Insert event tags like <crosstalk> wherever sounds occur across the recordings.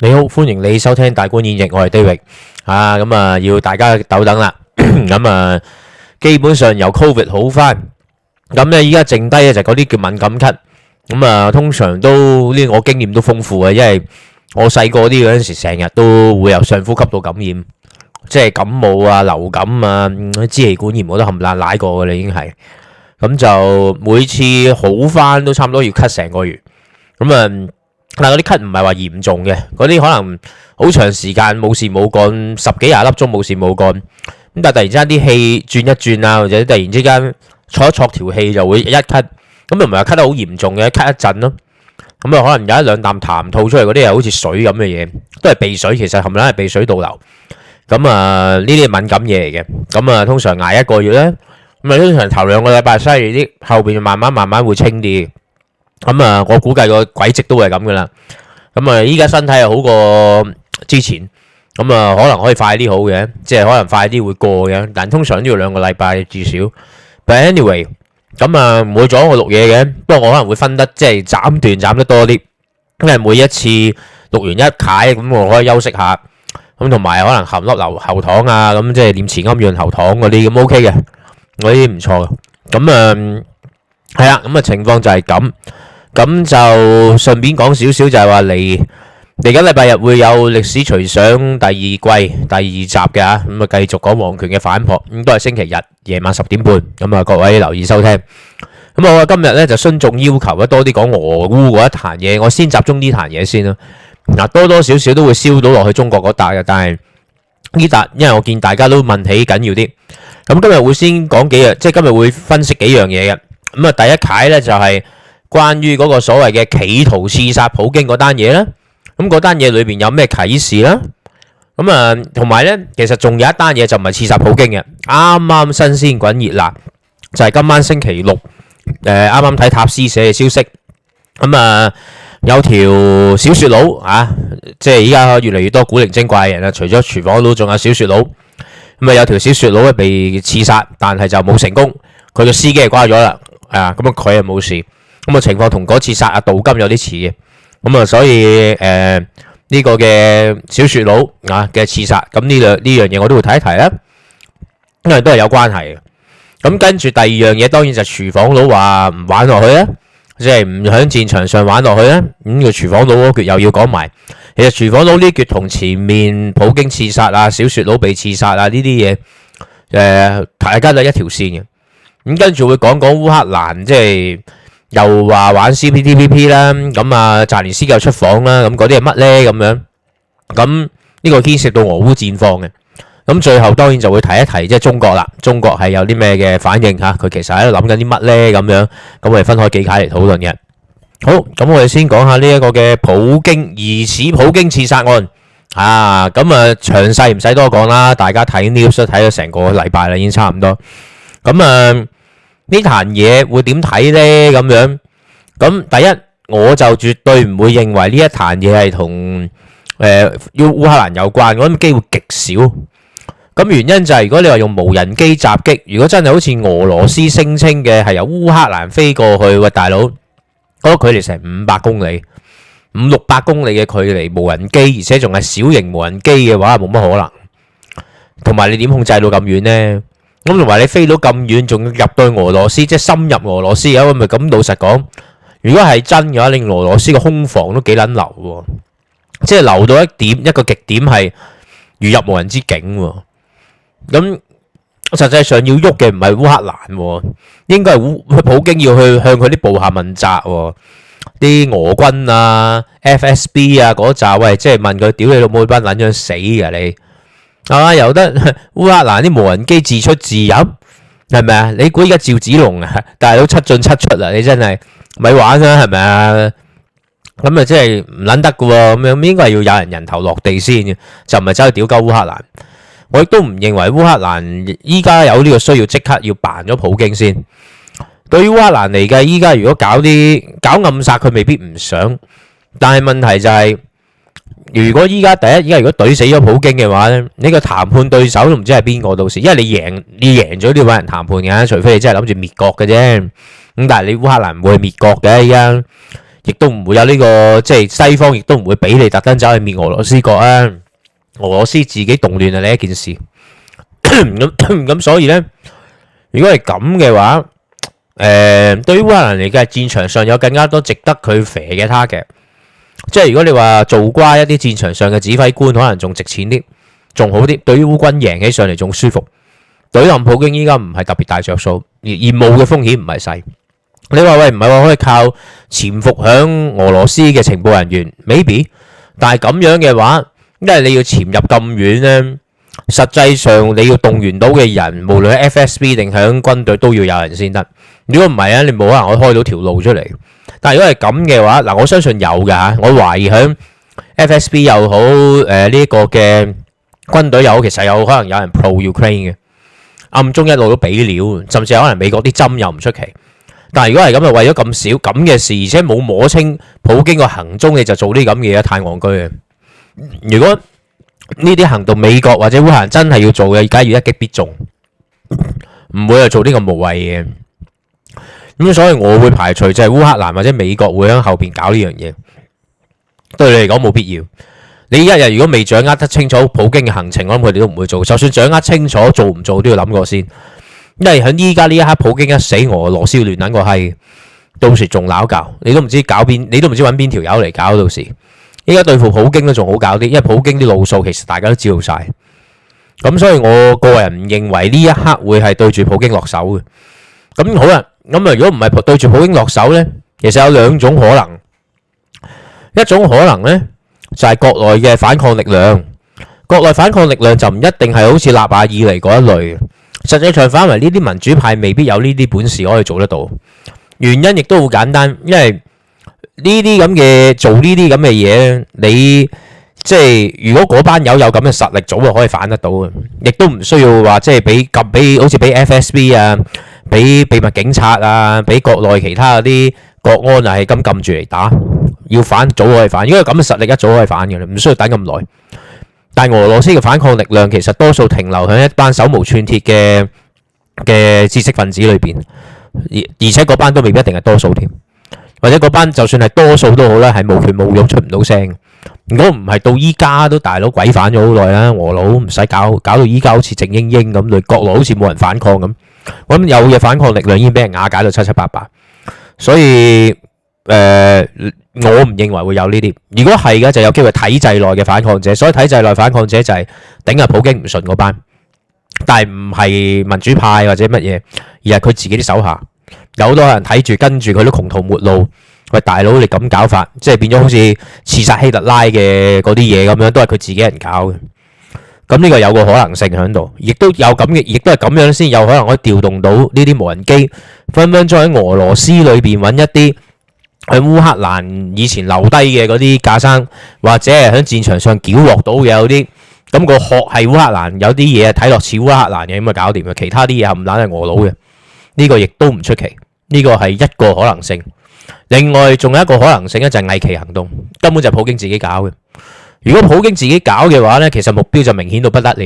你好，歡迎你收聽大觀演繹，我係 David 啊，咁啊要大家久等啦，咁啊基本上由 Covid 好翻，咁咧依家剩低嘅就嗰啲叫敏感咳，咁啊通常都呢我經驗都豐富嘅，因為我細個啲嗰陣時成日都會有上呼吸道感染，即係感冒啊、流感啊、支氣管炎，我都冚唪唥過噶啦，已經係，咁就每次好翻都差唔多要咳成個月，咁啊。但，嗰啲咳唔係話嚴重嘅，嗰啲可能好長時間冇事冇幹，十幾廿粒鐘冇事冇幹，咁但係突然之間啲氣轉一轉啊，或者突然之間坐一坐條氣就會一咳，咁又唔係話咳得好嚴重嘅，咳一陣咯，咁啊可能有一兩啖痰吐出嚟，嗰啲係好似水咁嘅嘢，都係鼻水，其實冚唪唥係鼻水倒流，咁啊呢啲敏感嘢嚟嘅，咁啊通常捱一個月咧，咁啊通常頭兩個禮拜犀利啲，後邊慢慢慢慢會清啲。咁啊、嗯，我估計個軌跡都會係咁噶啦。咁、嗯、啊，依家身體又好過之前，咁、嗯、啊、嗯，可能可以快啲好嘅，即係可能快啲會過嘅。但通常都要兩個禮拜至少。But anyway，咁、嗯、啊，唔、嗯、會阻我錄嘢嘅。不過我可能會分得即係斬斷斬得多啲，因為每一次錄完一楷，咁，我可以休息下。咁同埋可能含粒潤喉糖啊，咁、嗯、即係念慈庵潤喉糖嗰啲咁 OK 嘅，嗰啲唔錯嘅。咁、嗯、啊，係、嗯、啊，咁、嗯、啊、嗯嗯嗯嗯、情況就係咁。咁就順便講少少，就係話嚟嚟緊禮拜日會有歷史隨想第二季第二集嘅嚇，咁啊，繼續講皇權嘅反撲，咁都係星期日夜晚十點半，咁啊各位留意收聽。咁我今日咧就順眾要求啊，多啲講俄烏嗰一壇嘢，我先集中呢壇嘢先啦。嗱，多多少少都會燒到落去中國嗰笪嘅，但係呢笪，因為我見大家都問起緊要啲，咁今日會先講幾樣，即係今日會分析幾樣嘢嘅。咁啊，第一解咧就係。關於嗰個所謂嘅企圖刺殺普京嗰單嘢咧，咁嗰單嘢裏邊有咩啟示啦？咁啊，同埋咧，其實仲有一單嘢就唔係刺殺普京嘅，啱啱新鮮滾熱辣，就係今晚星期六誒，啱啱睇塔斯社嘅消息咁啊，有條小說佬啊，即係依家越嚟越多古靈精怪嘅人啦。除咗廚房佬，仲有小說佬咁啊，有條小說佬被刺殺，但係就冇成功。佢嘅司機係瓜咗啦，啊咁啊，佢係冇事。咁啊，情況同嗰次殺阿杜金有啲似嘅，咁啊，所以誒呢個嘅小說佬啊嘅刺殺，咁呢兩呢樣嘢我都會提一提啦，因為都係有關係嘅。咁跟住第二樣嘢，當然就廚房佬話唔玩落去啦，即係唔喺戰場上玩落去啦。咁個廚房佬嗰橛又要講埋，其實廚房佬呢橛同前面普京刺殺啊、小說佬被刺殺啊呢啲嘢誒，係跟咗一條線嘅。咁跟住會講講烏克蘭，即係。又話玩 CPTPP 啦，咁啊澤連斯基又出訪啦，咁嗰啲係乜呢？咁樣，咁呢個牽涉到俄烏戰況嘅，咁最後當然就會提一提即係中國啦，中國係有啲咩嘅反應吓，佢其實喺度諗緊啲乜呢？咁樣，咁我哋分開幾解嚟討論嘅。好，咁我哋先講下呢一個嘅普京疑似普京刺殺案啊，咁啊詳細唔使多講啦，大家睇 news 睇咗成個禮拜啦，已經差唔多，咁啊。呢壇嘢會點睇呢？咁樣咁第一，我就絕對唔會認為呢一壇嘢係同誒要烏克蘭有關，我諗機會極少。咁原因就係如果你話用無人機襲擊，如果真係好似俄羅斯聲稱嘅係由烏克蘭飛過去，喂大佬，嗰距離成五百公里、五六百公里嘅距離，無人機而且仲係小型無人機嘅話，冇乜可能。同埋你點控制到咁遠呢？咁同埋你飛到咁遠，仲要入到俄羅斯，即係深入俄羅斯啊！咪咁老實講，如果係真嘅話，令俄羅斯嘅空防都幾捻流，即係流到一點一個極點係如入無人之境。咁實際上要喐嘅唔係烏克蘭，應該係普京要去向佢啲部下問責，啲俄軍啊、FSB 啊嗰紮喂，係即係問佢屌你老母，班撚樣死嘅你。啊！由得烏克蘭啲無人機自出自入，係咪啊？你估依家趙子龍啊？但係都七進七出啦，你真係咪玩啦？係咪啊？咁啊，即係唔捻得噶，咁樣應該係要有人人頭落地先，就唔係走去屌鳩烏克蘭。我亦都唔認為烏克蘭依家有呢個需要即刻要辦咗普京先。對於烏克蘭嚟嘅，依家如果搞啲搞暗殺，佢未必唔想，但係問題就係……如果依家第一，依家如果懟死咗普京嘅話咧，呢個談判對手都唔知係邊個到時，因為你贏你贏咗都要搵人談判嘅，除非你真係諗住滅國嘅啫。咁但係你烏克蘭唔會去滅國嘅，依家亦都唔會有呢個即係西方亦都唔會俾你特登走去滅俄羅斯國啊。俄羅斯自己動亂係呢一件事。咁咁所以咧，如果係咁嘅話，誒，對於烏克蘭嚟講，戰場上有更加多值得佢啡嘅 target。即係如果你話做瓜一啲戰場上嘅指揮官可能仲值錢啲，仲好啲，對於烏軍贏起上嚟仲舒服。對林 <music> 普京依家唔係特別大着數，而而冒嘅風險唔係細。你話喂，唔係話可以靠潛伏響俄羅斯嘅情報人員 maybe，但係咁樣嘅話，因為你要潛入咁遠呢。實際上你要動員到嘅人，無論喺 FSB 定響軍隊都要有人先得。如果唔係啊，你冇可能可以開到條路出嚟。但係如果係咁嘅話，嗱，我相信有㗎吓，我懷疑喺 FSB 又好，誒、呃、呢、這個嘅軍隊又好，其實有可能有人 pro Ukraine 嘅，暗中一路都俾料，甚至可能美國啲針又唔出奇。但係如果係咁，就為咗咁少咁嘅事，而且冇摸清普京個行蹤，你就做啲咁嘅嘢，太戇居啊！如果呢啲行動美國或者烏克蘭真係要做嘅，而家要一擊必中，唔會又做呢個無謂嘅。咁所以我會排除就係烏克蘭或者美國會喺後邊搞呢樣嘢，對你嚟講冇必要。你一日如果未掌握得清楚普京嘅行程，我諗佢哋都唔會做。就算掌握清楚，做唔做都要諗過先。因為喺依家呢一刻，普京一死，俄羅斯要亂捻個閪，到時仲鬧交，你都唔知搞邊，你都唔知搵邊條友嚟搞到時。依家對付普京都仲好搞啲，因為普京啲路數其實大家都知道晒。咁所以我個人唔認為呢一刻會係對住普京落手嘅。咁好啦。咁啊！如果唔係對住普京落手咧，其實有兩種可能。一種可能咧，就係國內嘅反抗力量。國內反抗力量就唔一定係好似納瓦爾尼嗰一類嘅。實際上反為呢啲民主派未必有呢啲本事可以做得到。原因亦都好簡單，因為呢啲咁嘅做呢啲咁嘅嘢咧，你即係如果嗰班友有咁嘅實力，早就可以反得到嘅，亦都唔需要話即係俾撳俾好似俾 FSB 啊。俾秘密警察啊，俾國內其他嗰啲國安又係咁撳住嚟打，要反早可以反，因為咁嘅實力一早可以反嘅啦，唔需要等咁耐。但係俄羅斯嘅反抗力量其實多數停留喺一班手無寸鐵嘅嘅知識分子裏邊，而而且嗰班都未必一定係多數添，或者嗰班就算係多數都好啦，係無權無勇出唔到聲。如果唔係到依家都大佬鬼反咗好耐啦，俄佬唔使搞搞到依家好似靜英英咁，對國內好似冇人反抗咁。咁有嘅反抗力量已經俾人瓦解到七七八八，所以誒、呃，我唔認為會有呢啲。如果係嘅，就有機會體制內嘅反抗者。所以體制內反抗者就係頂阿普京唔順嗰班，但係唔係民主派或者乜嘢，而係佢自己啲手下。有好多人睇住跟住佢都窮途末路。喂，大佬你咁搞法，即係變咗好似刺殺希特拉嘅嗰啲嘢咁樣，都係佢自己人搞嘅。咁呢個有個可能性喺度，亦都有咁嘅，亦都係咁樣先有可能可以調動到呢啲無人機，分分鐘喺俄羅斯裏邊揾一啲喺烏克蘭以前留低嘅嗰啲架生，或者係喺戰場上繳獲到嘅嗰啲，咁個殼係烏克蘭，有啲嘢啊睇落似烏克蘭嘅咁啊搞掂嘅，其他啲嘢啊冚唪唥係俄佬嘅，呢個亦都唔出奇，呢個係一個可能性。另外仲有一個可能性咧，就係偽旗行動，根本就係普京自己搞嘅。如果普京自己搞嘅話呢，其實目標就明顯到不得了。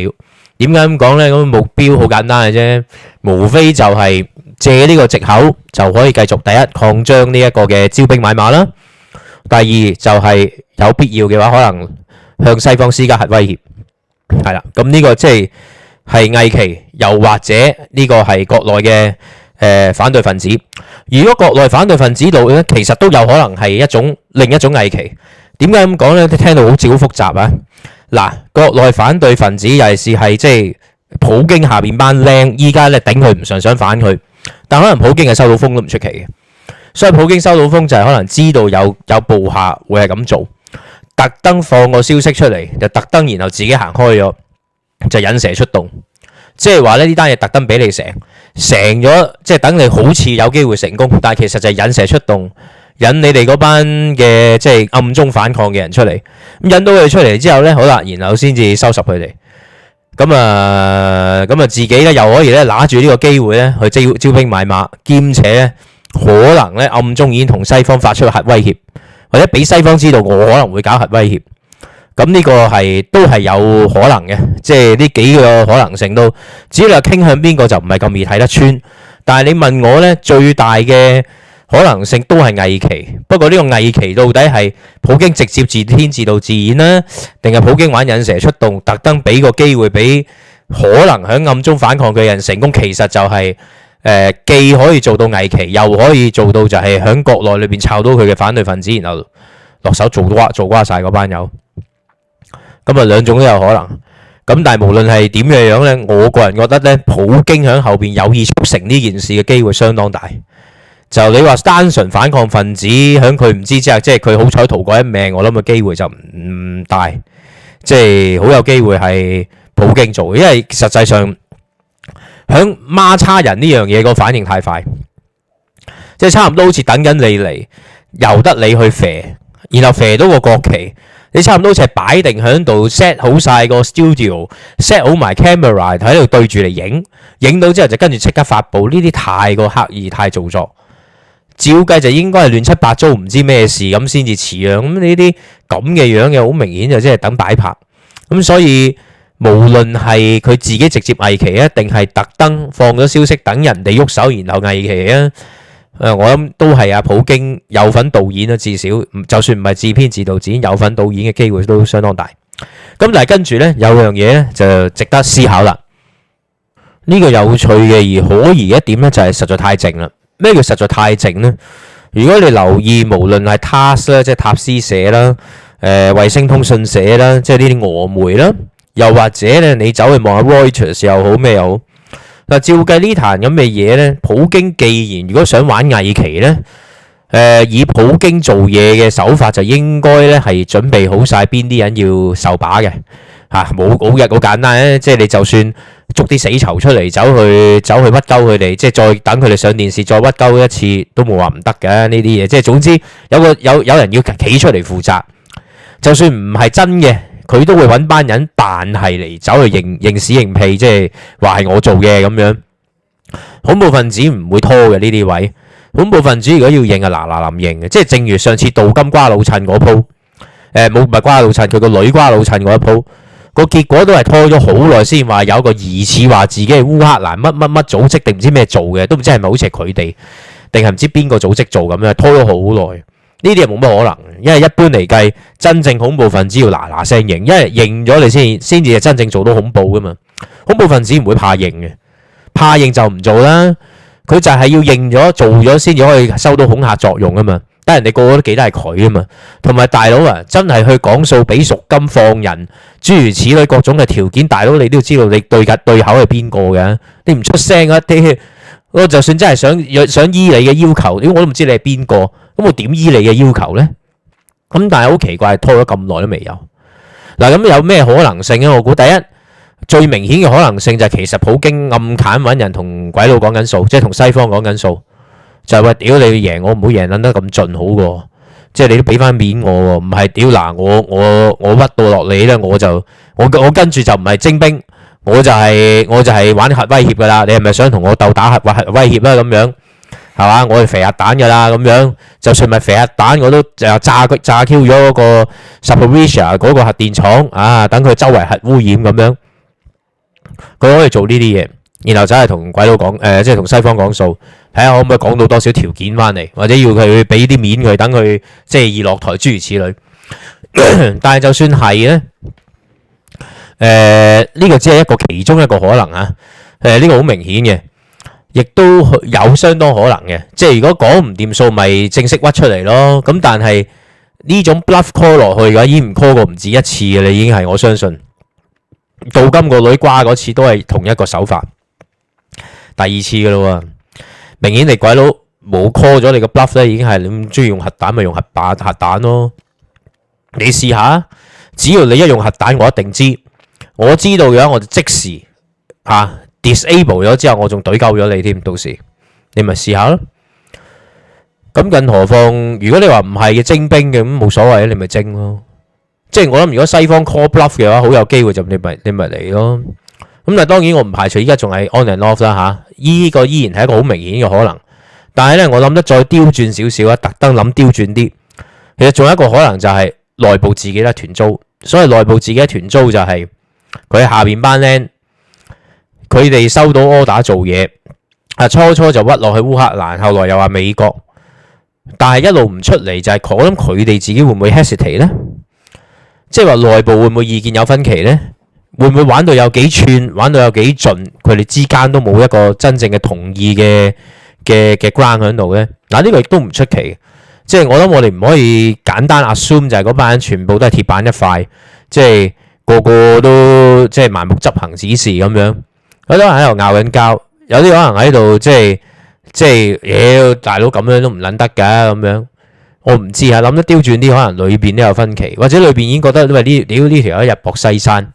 點解咁講呢？咁目標好簡單嘅啫，無非就係借呢個藉口就可以繼續第一擴張呢一個嘅招兵買馬啦。第二就係有必要嘅話，可能向西方施加核威脅。係啦，咁呢個即係係偽旗，又或者呢個係國內嘅誒反對分子。如果國內反對分子做咧，其實都有可能係一種另一種偽旗。點解咁講呢？聽到好似好複雜啊！嗱，國內反對分子尤其是係即係普京下邊班僆，依家咧頂佢唔上，想反佢，但可能普京係收到風都唔出奇嘅，所以普京收到風就係可能知道有有部下會係咁做，特登放個消息出嚟，就特登然後自己行開咗，就引蛇出洞，即係話咧呢單嘢特登俾你成成咗，即係等你好似有機會成功，但係其實就係引蛇出洞。引你哋嗰班嘅，即係暗中反抗嘅人出嚟，咁引到佢出嚟之後咧，好啦，然後先至收拾佢哋。咁啊，咁啊，自己咧又可以咧揦住呢個機會咧去招招兵買馬，兼且咧可能咧暗中已經同西方發出核威脅，或者俾西方知道我可能會搞核威脅。咁呢個係都係有可能嘅，即係呢幾個可能性都，只要你傾向邊個就唔係咁易睇得穿。但係你問我咧最大嘅。可能性都係偽旗，不過呢個偽旗到底係普京直接自天自導自演咧，定係普京玩引蛇出洞，特登俾個機會俾可能喺暗中反抗嘅人成功？其實就係誒，既可以做到偽旗，又可以做到就係喺國內裏邊摷到佢嘅反對分子，然後落手做瓜做瓜曬嗰班友。咁啊，兩種都有可能。咁但係無論係點樣樣咧，我個人覺得咧，普京喺後邊有意促成呢件事嘅機會相當大。就你話單純反抗分子，響佢唔知之下，即係佢好彩逃過一命。我諗嘅機會就唔大，即係好有機會係普京做，因為實際上響孖叉人呢樣嘢個反應太快，即係差唔多好似等緊你嚟，由得你去飛，然後飛到個國旗，你差唔多好似係擺定響度 set 好晒個 studio，set 好埋 camera 喺度對住嚟影，影到之後就跟住即刻發布呢啲，太過刻意，太造作。照計就應該係亂七八糟，唔知咩事咁先至似樣。咁呢啲咁嘅樣嘅好明顯就即係等擺拍。咁所以無論係佢自己直接偽旗啊，定係特登放咗消息等人哋喐手，然後偽旗啊。誒，我諗都係阿普京有份導演啦，至少就算唔係自編自導自演，有份導演嘅機會都相當大。咁但係跟住咧有樣嘢咧就值得思考啦。呢個有趣嘅而可疑一點咧就係實在太靜啦。咩叫實在太靜咧？如果你留意，無論係塔斯咧，即係塔斯社啦，誒衛星通訊社啦，即係呢啲俄媒啦，又或者咧，你走去望下 Reuters 又好咩又好。嗱，照計呢壇咁嘅嘢咧，普京既然如果想玩偽旗咧，誒以普京做嘢嘅手法，就應該咧係準備好曬邊啲人要受把嘅。嚇冇冇嘢好簡單嘅，即係你就算捉啲死囚出嚟走去走去屈鳩佢哋，即係再等佢哋上電視再屈鳩一次都冇話唔得嘅呢啲嘢。即係總之有個有有人要企出嚟負責，就算唔係真嘅，佢都會揾班人，扮係嚟走去認認屎認屁，即係話係我做嘅咁樣。恐怖分子唔會拖嘅呢啲位，恐怖分子如果要認啊，嗱嗱臨認嘅，即係正如上次杜金瓜老襯嗰鋪，誒冇唔係瓜老襯佢個女瓜老襯嗰一鋪。個結果都係拖咗好耐先話有一個疑似話自己係烏克蘭乜乜乜組織定唔知咩做嘅，都唔知係咪好似係佢哋，定係唔知邊個組織做咁樣，拖咗好耐。呢啲係冇乜可能嘅，因為一般嚟計，真正恐怖分子要嗱嗱聲認，因為認咗你先先至係真正做到恐怖噶嘛。恐怖分子唔會怕認嘅，怕認就唔做啦。佢就係要認咗做咗先至可以收到恐嚇作用啊嘛。但係人哋個個都記得係佢啊嘛，同埋大佬啊，真係去講數俾贖金放人，諸如此類各種嘅條件，大佬你都要知道你對腳對口係邊個㗎，你唔出聲啊，我就算真係想想依你嘅要求，我都唔知你係邊個，咁我點依你嘅要求呢？咁但係好奇怪，拖咗咁耐都未有。嗱，咁有咩可能性呀？我估第一最明顯嘅可能性就係其實普京暗砍揾人同鬼佬講緊數，即係同西方講緊數。就話，屌你贏我唔好贏捻得咁盡好噶，即係你都俾翻面我，唔係屌嗱我我我屈到落你咧，我就我我跟住就唔係征兵，我就係我就係玩核威脅噶啦。你係咪想同我鬥打核核威脅啦？咁樣係嘛，我係肥核彈噶啦咁樣，就算咪肥核彈，我都就炸佢炸 Q 咗嗰個 subarussia 嗰個核電廠啊，等佢周圍核污染咁樣，佢可以做呢啲嘢。然後就係同鬼佬講，誒，即係同西方講數，睇下可唔可以講到多少條件翻嚟，或者要佢俾啲面佢，等佢即係易落台，諸如此類。 <coughs> 但係就算係咧，誒、呃，呢、這個只係一個其中一個可能啊，誒、這個，呢個好明顯嘅，亦都有相當可能嘅。即係如果講唔掂數，咪正式屈出嚟咯。咁但係呢種 bluff call 落去嘅話，已經唔 call 過唔止一次嘅啦，已經係我相信杜金個女瓜嗰次都係同一個手法。第二次噶咯喎，明顯你鬼佬冇 call 咗你個 bluff 咧，已經係你中意用核彈咪用核彈核彈咯，你試下，只要你一用核彈，我一定知，我知道嘅話，我就即時啊，disable 咗之後，我仲懟鳩咗你添，到時你咪試下咯。咁更何況，如果你話唔係嘅徵兵嘅咁冇所謂你咪徵咯。即係我諗，如果西方 call bluff 嘅話，好有機會就你咪你咪嚟咯。咁但係當然我唔排除依家仲係 on and off 啦、啊、吓，依、依個依然係一個好明顯嘅可能。但係咧，我諗得再刁轉少少啊。特登諗刁轉啲。其實仲有一個可能就係內部自己一團租，所以內部自己一團租就係佢喺下邊班靚，佢哋收到 order 做嘢，啊初初就屈落去烏克蘭，後來又話美國，但係一路唔出嚟就係我諗佢哋自己會唔會 hesitate 咧？即係話內部會唔會意見有分歧咧？會唔會玩到有幾寸，玩到有幾盡，佢哋之間都冇一個真正嘅同意嘅嘅嘅 ground 喺度咧？嗱，呢、啊，這個亦都唔出奇，即係我諗我哋唔可以簡單 assume 就係嗰班全部都係鐵板一塊，即係個個都即係盲目執行指示咁樣。有啲人喺度拗緊交，有啲可能喺度即係即係、欸、大佬咁樣都唔捻得噶咁樣。我唔知啊，諗得刁轉啲，可能裏邊都有分歧，或者裏邊已經覺得喂，呢屌呢條一日薄西山。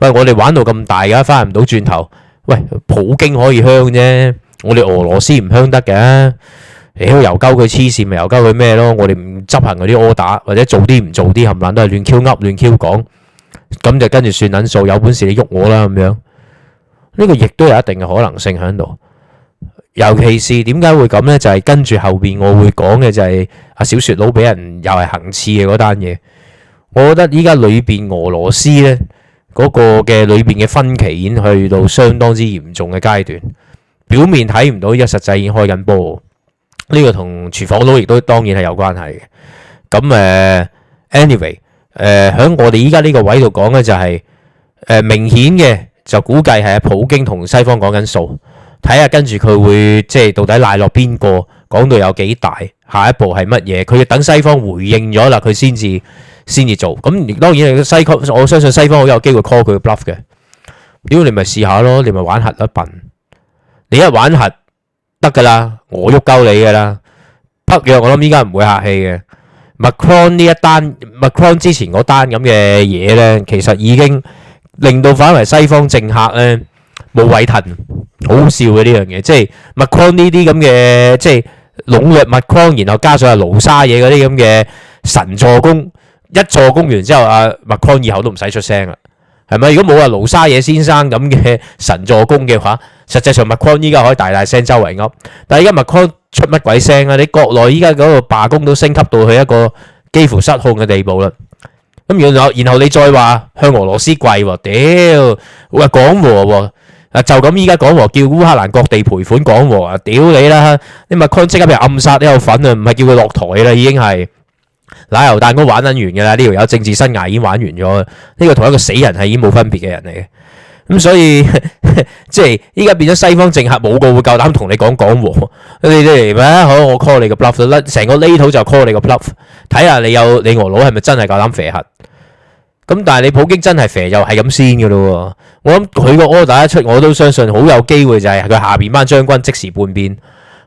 喂，我哋玩到咁大噶，翻唔到轉頭。喂，普京可以香啫，我哋俄羅斯唔香得嘅。你又交佢黐線，咪又交佢咩咯？我哋唔執行嗰啲 order，或者做啲唔做啲，冚唪唥都係亂 Q 噏亂 Q 講，咁就跟住算捻數，有本事你喐我啦咁樣。呢個亦都有一定嘅可能性喺度，尤其是點解會咁咧？就係跟住後邊我會講嘅就係阿小說佬俾人又係行刺嘅嗰單嘢。我覺得依家裏邊俄羅斯咧。嗰個嘅裏邊嘅分歧已經去到相當之嚴重嘅階段，表面睇唔到一，實際已經開緊波。呢、這個同廚房佬亦都當然係有關係嘅。咁誒、呃、anyway，誒、呃、喺我哋依家呢個位度講咧、就是，就係誒明顯嘅就估計係普京同西方講緊數，睇下跟住佢會即係到底賴落邊個，講到有幾大，下一步係乜嘢？佢要等西方回應咗啦，佢先至。先至做咁，當然係西區。我相信西方好有機會 call 佢嘅 bluff 嘅。屌，你咪試下咯，你咪玩核一笨。你一玩核得㗎啦，我喐鳩你㗎啦。北約我諗依家唔會客氣嘅。Macron 呢一單，Macron 之前嗰單咁嘅嘢咧，其實已經令到反為西方政客咧冇位騰，好笑嘅呢樣嘢，即係 Macron 呢啲咁嘅，即係籠絡 Macron，然後加上係盧沙嘢嗰啲咁嘅神助攻。一助攻完之後，阿麥匡以後都唔使出聲啦，係咪？如果冇阿盧沙野先生咁嘅神助攻嘅話，實際上麥匡依家可以大大聲周圍噏。但係依家麥匡出乜鬼聲啊？你國內依家嗰個罷工都升級到去一個幾乎失控嘅地步啦。咁然後然後你再話向俄羅斯跪喎，屌喂講和喎，啊就咁依家講和，叫烏克蘭割地賠款講和啊，屌你啦！你麥匡即刻畀暗殺呢個份啊，唔係叫佢落台啦，已經係。奶油蛋糕玩緊完噶啦，呢條友政治生涯已經玩完咗，呢、這個同一個死人係已經冇分別嘅人嚟嘅。咁所以 <laughs> 即係依家變咗西方政客冇個會夠膽同你講講和，你哋咩好我 call 你個 bluff 甩，成個呢套就 call 你個 bluff，睇下你有你俄佬係咪真係夠膽肥核？咁但係你普京真係肥，又係咁先噶咯？我諗佢個 call 打一出，我都相信好有機會就係佢下邊班將軍即時叛變。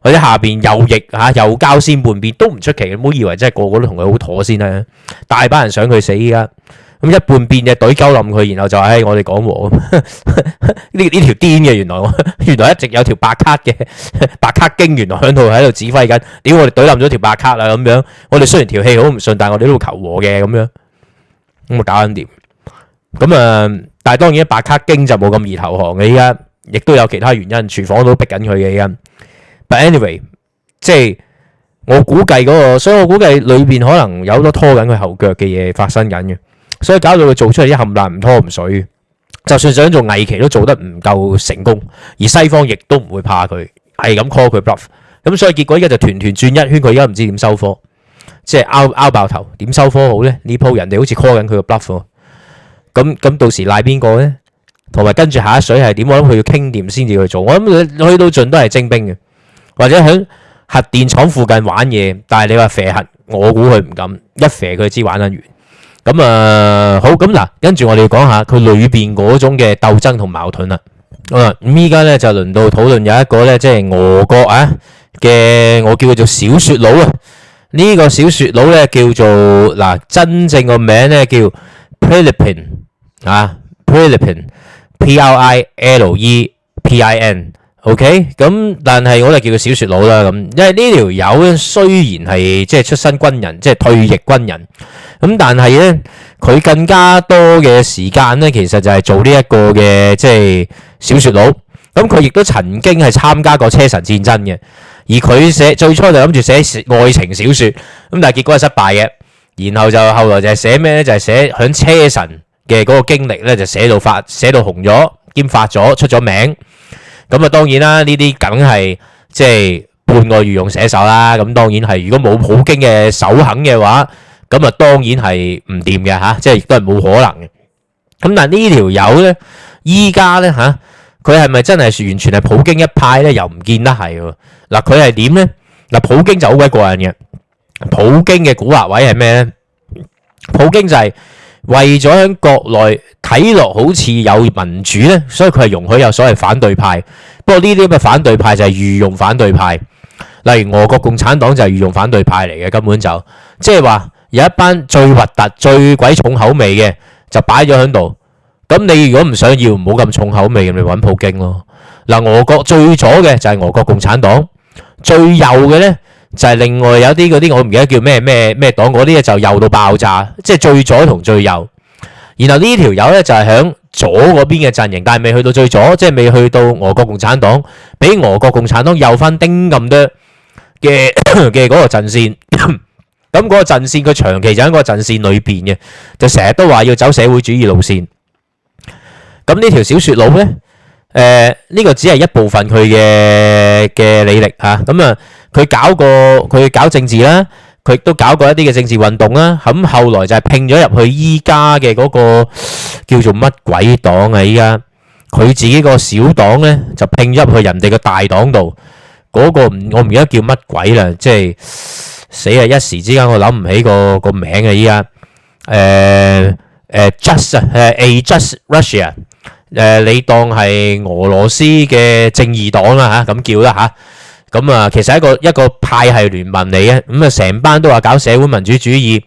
或者下邊右翼嚇、啊、右膠先半變都唔出奇，唔好以為真係個個都同佢好妥先咧。大班人想佢死依家，咁一半變隻隊鳩冧佢，然後就唉、哎、我哋講和呢呢條癲嘅，原來原來一直有條白卡嘅白卡經，原來響度喺度指揮緊。屌我哋隊冧咗條白卡啦咁樣，我哋雖然條氣好唔順，但係我哋都求和嘅咁樣。咁啊搞緊掂。咁啊，但係當然白卡經就冇咁易投降嘅，依家亦都有其他原因，廚房都逼緊佢嘅依家。But anyway，即係我估計嗰個，所以我估計裏邊可能有咗拖緊佢後腳嘅嘢發生緊嘅，所以搞到佢做出嚟一冚爛，唔拖唔水。就算想做偽旗都做得唔夠成功，而西方亦都唔會怕佢係咁 call 佢 bluff。咁所以結果依家就團團轉一圈，佢依家唔知點收科，即係拗拗爆頭點收科好咧？呢鋪人哋好似 call 緊佢個 bluff，咁咁到時賴邊個咧？同埋跟住下一水係點？我諗佢要傾掂先至去做。我諗佢去到盡都係徵兵嘅。或者喺核電廠附近玩嘢，但係你話肥核，我估佢唔敢。一肥，佢就知玩得完咁啊。好，咁嗱，跟住我哋要講下佢裏邊嗰種嘅鬥爭同矛盾啦。啊、嗯、咁，依家咧就輪到討論有一個咧，即係俄國啊嘅，我叫佢做小說佬啊。呢個小說佬咧叫做嗱，真正個名咧叫 Prilepin 啊，Prilepin P-R-I-L-E-P-I-N。O K，咁但係我就叫佢小說佬啦，咁因為呢條友雖然係即係出身軍人，即係退役軍人，咁但係咧佢更加多嘅時間咧，其實就係做呢一個嘅即係小說佬。咁佢亦都曾經係參加過車臣戰爭嘅，而佢寫最初就諗住寫愛情小說，咁但係結果係失敗嘅，然後就後來就係寫咩咧？就係寫響車臣嘅嗰個經歷咧，就寫到發寫到紅咗兼發咗出咗名。咁啊，當然啦，呢啲梗係即係半個御用寫手啦。咁當然係，如果冇普京嘅首肯嘅話，咁啊當然係唔掂嘅嚇，即係亦都係冇可能嘅。咁但係呢條友咧，依家咧嚇，佢係咪真係完全係普京一派咧？又唔見得係喎。嗱，佢係點咧？嗱，普京就好鬼過癮嘅。普京嘅蠱惑位係咩咧？普京就係。為咗喺國內睇落好似有民主呢，所以佢係容許有所謂反對派。不過呢啲咁嘅反對派就係御用反對派，例如俄國共產黨就係御用反對派嚟嘅，根本就即係話有一班最核突、最鬼重口味嘅就擺咗喺度。咁你如果唔想要，唔好咁重口味，咁咪揾普京咯。嗱，俄國最左嘅就係俄國共產黨，最右嘅呢，就係另外有啲嗰啲我唔記得叫咩咩咩黨嗰啲咧，就右到爆炸，即係最左同最右。然後呢條友咧就係、是、響左嗰邊嘅陣營，但係未去到最左，即係未去到俄國共產黨，比俄國共產黨右翻丁咁多嘅嘅嗰個陣線。咁嗰 <coughs> 個陣線佢長期就喺個陣線裏邊嘅，就成日都話要走社會主義路線。咁呢條小說路咧？誒，呢個只係一部分佢嘅嘅履歷啊，咁啊，佢搞過佢搞政治啦，佢亦都搞過一啲嘅政治運動啦，咁後來就係拼咗入去依家嘅嗰個叫做乜鬼黨啊！依家佢自己個小黨咧就拼入去人哋個大黨度，嗰個唔我唔記得叫乜鬼啦，即係死啦！一時之間我諗唔起個個名啊！依家誒誒，just 誒，A Just Russia。誒，你當係俄羅斯嘅正義黨啦吓，咁叫啦吓，咁啊，其實一個一個派系聯盟嚟嘅，咁啊，成班都話搞社會民主主義，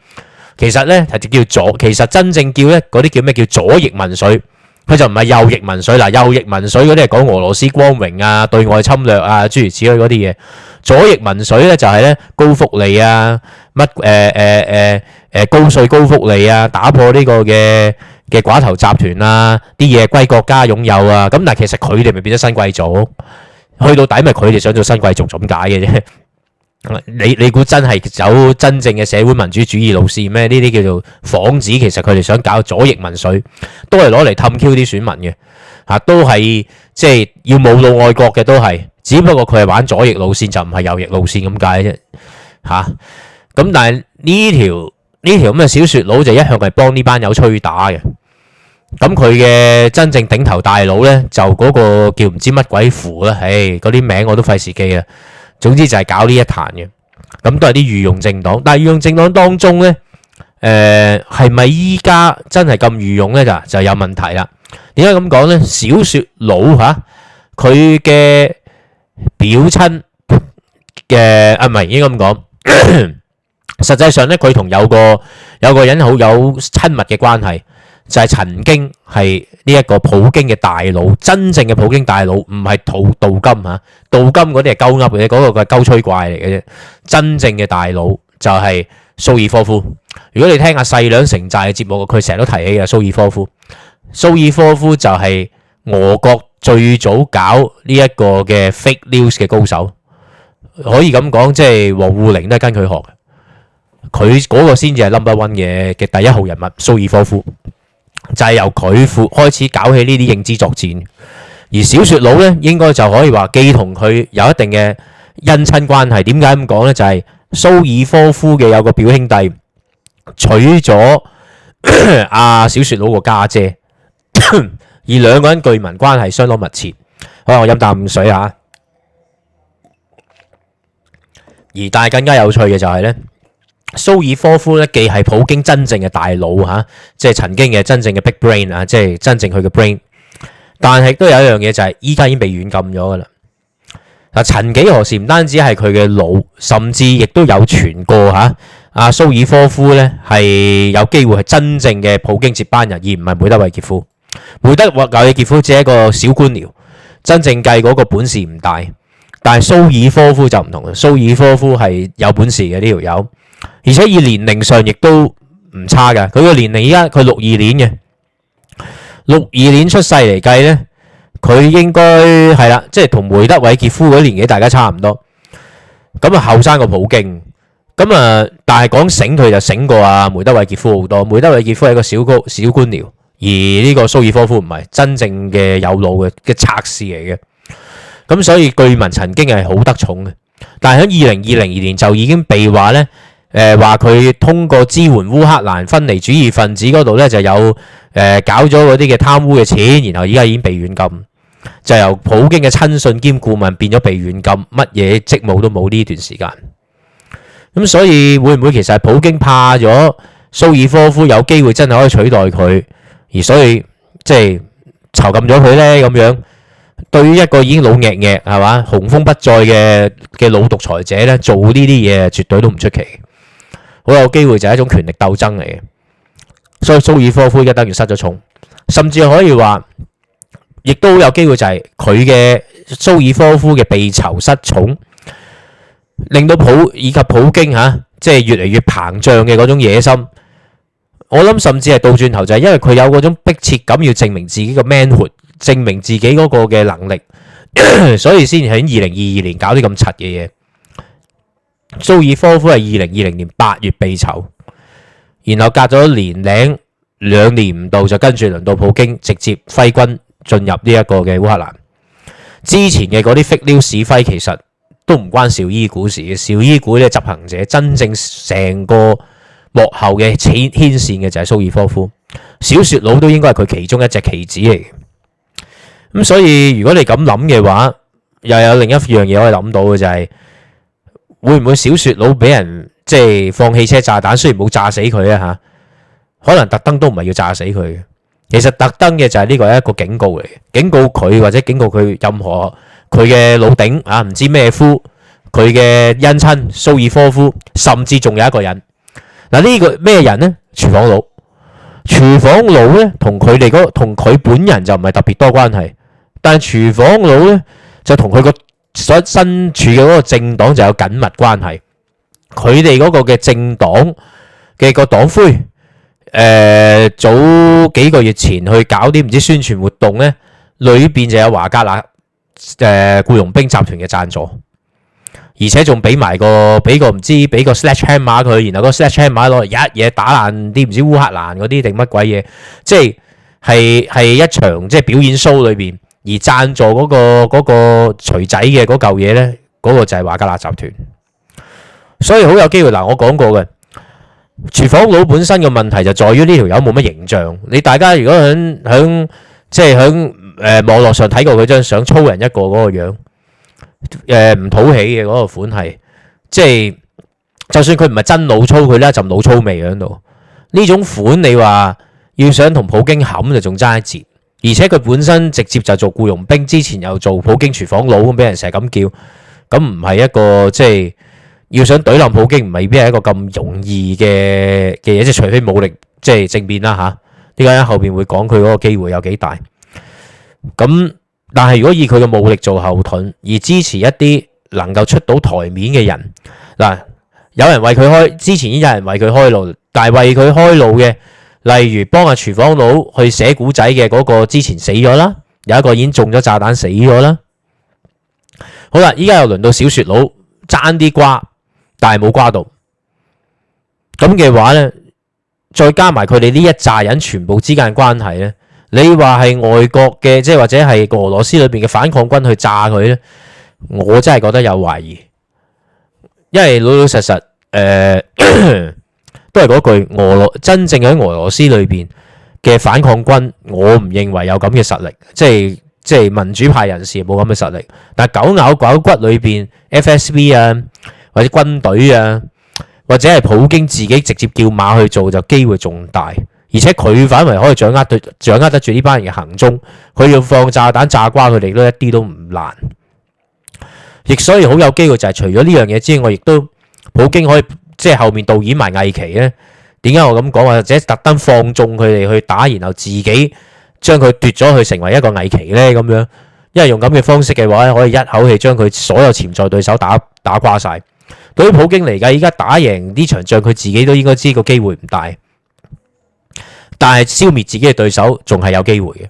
其實咧係叫左，其實真正叫咧嗰啲叫咩，叫左翼民粹，佢就唔係右翼民粹嗱，右翼民粹嗰啲係講俄羅斯光榮啊，對外侵略啊，諸如此類嗰啲嘢，左翼民粹咧就係咧高福利啊，乜誒誒誒誒高稅高福利啊，打破呢個嘅。嘅寡頭集團啦，啲嘢歸國家擁有啊，咁但係其實佢哋咪變咗新貴族，去到底咪佢哋想做新貴族，就咁解嘅啫。你你估真係走真正嘅社會民主主義路線咩？呢啲叫做幌子，其實佢哋想搞左翼民粹，都係攞嚟氹 Q 啲選民嘅，吓都係即係要誤導外國嘅，都係，只不過佢係玩左翼路線，就唔係右翼路線咁解嘅啫，吓。咁但係呢條。呢條咁嘅小說佬就一向係幫呢班友吹打嘅，咁佢嘅真正頂頭大佬呢，就嗰個叫唔知乜鬼符啦，唉，嗰啲名我都費事記啦。總之就係搞呢一壇嘅，咁都係啲御用政黨。但係御用政黨當中呢，誒係咪依家真係咁御用呢？就就有問題啦。點解咁講呢，小說佬吓，佢嘅表親嘅啊唔係，應該咁講。 <coughs> 實際上咧，佢同有個有個人好有親密嘅關係，就係曾經係呢一個普京嘅大佬，真正嘅普京大佬，唔係杜杜金嚇，杜金嗰啲係鳩噏嚟嘅，嗰個佢係鳩吹怪嚟嘅啫。真正嘅大佬就係蘇爾科夫。如果你聽下細兩城寨嘅節目，佢成日都提起嘅蘇爾科夫。蘇爾科夫就係俄國最早搞呢一個嘅 fake news 嘅高手，可以咁講，即係王滬寧都係跟佢學。佢嗰個先至係 number one 嘅嘅第一號人物蘇爾科夫，就係、是、由佢開始搞起呢啲認知作戰。而小雪佬呢應該就可以話既同佢有一定嘅姻親關係。點解咁講呢？就係、是、蘇爾科夫嘅有個表兄弟娶咗阿小雪佬個家姐，姐咳咳，而兩個人據聞關係相當密切。好，我飲啖水啊。而但係更加有趣嘅就係、是、呢。蘇爾科夫咧，既係普京真正嘅大腦，吓，即係曾經嘅真正嘅 big brain 啊，即係真正佢嘅 brain。但係都有一樣嘢就係，依家已經被軟禁咗噶啦。嗱，曾幾何時，唔單止係佢嘅腦，甚至亦都有傳過吓，阿蘇爾科夫咧係有機會係真正嘅普京接班人，而唔係梅德韋傑夫。梅德韋傑夫只係一個小官僚，真正計嗰個本事唔大，但係蘇爾科夫就唔同啦。蘇爾科夫係有本事嘅呢條友。這個而且以年齡上亦都唔差噶，佢個年齡而家佢六二年嘅六二年出世嚟計咧，佢應該係啦，即係同梅德韋傑夫嗰啲年紀大家差唔多咁啊，後生個普京咁啊，但係講醒佢就醒過啊梅德韋傑夫好多。梅德韋傑夫係一個小官小官僚，而呢個蘇爾科夫唔係真正嘅有腦嘅嘅策士嚟嘅，咁所以據聞曾經係好得寵嘅，但係喺二零二零二年就已經被話咧。誒話佢通過支援烏克蘭分離主義分子嗰度咧，就有誒搞咗嗰啲嘅貪污嘅錢，然後依家已經被軟禁，就由普京嘅親信兼顧問變咗被軟禁，乜嘢職務都冇呢段時間。咁所以會唔會其實普京怕咗蘇爾科夫有機會真係可以取代佢，而所以即係、就是、囚禁咗佢呢？咁樣？對於一個已經老硬硬係嘛，雄風不再嘅嘅老獨裁者咧，做呢啲嘢絕對都唔出奇。好有機會就係一種權力鬥爭嚟嘅，所以蘇爾科夫一等於失咗寵，甚至可以話，亦都好有機會就係佢嘅蘇爾科夫嘅被囚失寵，令到普以及普京嚇，即係越嚟越膨脹嘅嗰種野心。我諗甚至係倒轉頭就係因為佢有嗰種迫切感要證明自己嘅 manhood，證明自己嗰個嘅能力，所以先喺二零二二年搞啲咁柒嘅嘢。蘇爾科夫係二零二零年八月被囚，然後隔咗年零兩年唔到，就跟住輪到普京直接揮軍進入呢一個嘅烏克蘭。之前嘅嗰啲 fake news 指揮其實都唔關紹伊古事嘅，紹伊古呢，執行者，真正成個幕後嘅牽牽線嘅就係蘇爾科夫，小雪佬都應該係佢其中一隻棋子嚟嘅。咁所以如果你咁諗嘅話，又有另一樣嘢可以諗到嘅就係。會唔會小說佬俾人即係放汽車炸彈？雖然冇炸死佢啊，吓可能特登都唔係要炸死佢。其實特登嘅就係呢個係一個警告嚟嘅，警告佢或者警告佢任何佢嘅老頂啊，唔知咩夫，佢嘅恩親蘇爾科夫，甚至仲有一個人。嗱、啊這個，呢個咩人咧？廚房佬，廚房佬咧同佢哋嗰同佢本人就唔係特別多關係，但係廚房佬咧就同佢個。所身處嘅嗰個政黨就有緊密關係，佢哋嗰個嘅政黨嘅個黨魁，誒、呃、早幾個月前去搞啲唔知宣傳活動咧，裏邊就有華格納誒僱傭兵集團嘅贊助，而且仲俾埋個俾個唔知俾個 slash a 槍馬 sledgehammer 佢，然後個 sledgehammer 攞嚟一嘢打爛啲唔知烏克蘭嗰啲定乜鬼嘢，即係係係一場即係、就是、表演 show 裏邊。而贊助嗰個，嗰個，錘仔嘅嗰嚿嘢呢，嗰個就係華格納集團。所以好有機會呢，我講過嘅，廚房佬本身嘅問題就在於呢條友冇乜形象。你大家如果喺，喺，即係喺網絡上睇過佢張相粗人一個嗰個樣，唔討喜嘅嗰個款係，即係，就算佢唔係真老粗佢呢，就老粗味喺度。呢種款你話，要想同普京冚就仲差一截。而且佢本身直接就做僱傭兵，之前又做普京廚房佬咁，俾人成日咁叫，咁唔係一個即係要想懟冧普京，唔未必係一個咁容易嘅嘅嘢，即係除非武力即係正面啦吓。呢個咧後邊會講佢嗰個機會有幾大。咁但係如果以佢嘅武力做後盾，而支持一啲能夠出到台面嘅人嗱，有人為佢開，之前已經有人為佢開路，但係為佢開路嘅。例如幫阿廚房佬去寫古仔嘅嗰個之前死咗啦，有一個已經中咗炸彈死咗啦。好啦，依家又輪到小說佬爭啲瓜，但係冇瓜到。咁嘅話呢，再加埋佢哋呢一扎人全部之間嘅關係呢，你話係外國嘅，即係或者係俄羅斯裏邊嘅反抗軍去炸佢呢，我真係覺得有懷疑，因為老老實實誒。呃 <coughs> 都係嗰句俄羅，真正喺俄羅斯裏邊嘅反抗軍，我唔認為有咁嘅實力，即係即係民主派人士冇咁嘅實力。但係狗咬狗骨裏邊 FSB 啊，或者軍隊啊，或者係普京自己直接叫馬去做，就機會仲大，而且佢反而可以掌握對掌握得住呢班人嘅行蹤，佢要放炸彈炸瓜佢哋都一啲都唔難。亦所以好有機會就係除咗呢樣嘢之外，亦都普京可以。即係後面導演埋偽旗咧，點解我咁講，或者特登放縱佢哋去打，然後自己將佢奪咗，去成為一個偽旗咧咁樣，因為用咁嘅方式嘅話咧，可以一口氣將佢所有潛在對手打打瓜晒。對於普京嚟講，依家打贏呢場仗，佢自己都應該知個機會唔大，但係消滅自己嘅對手仲係有機會嘅。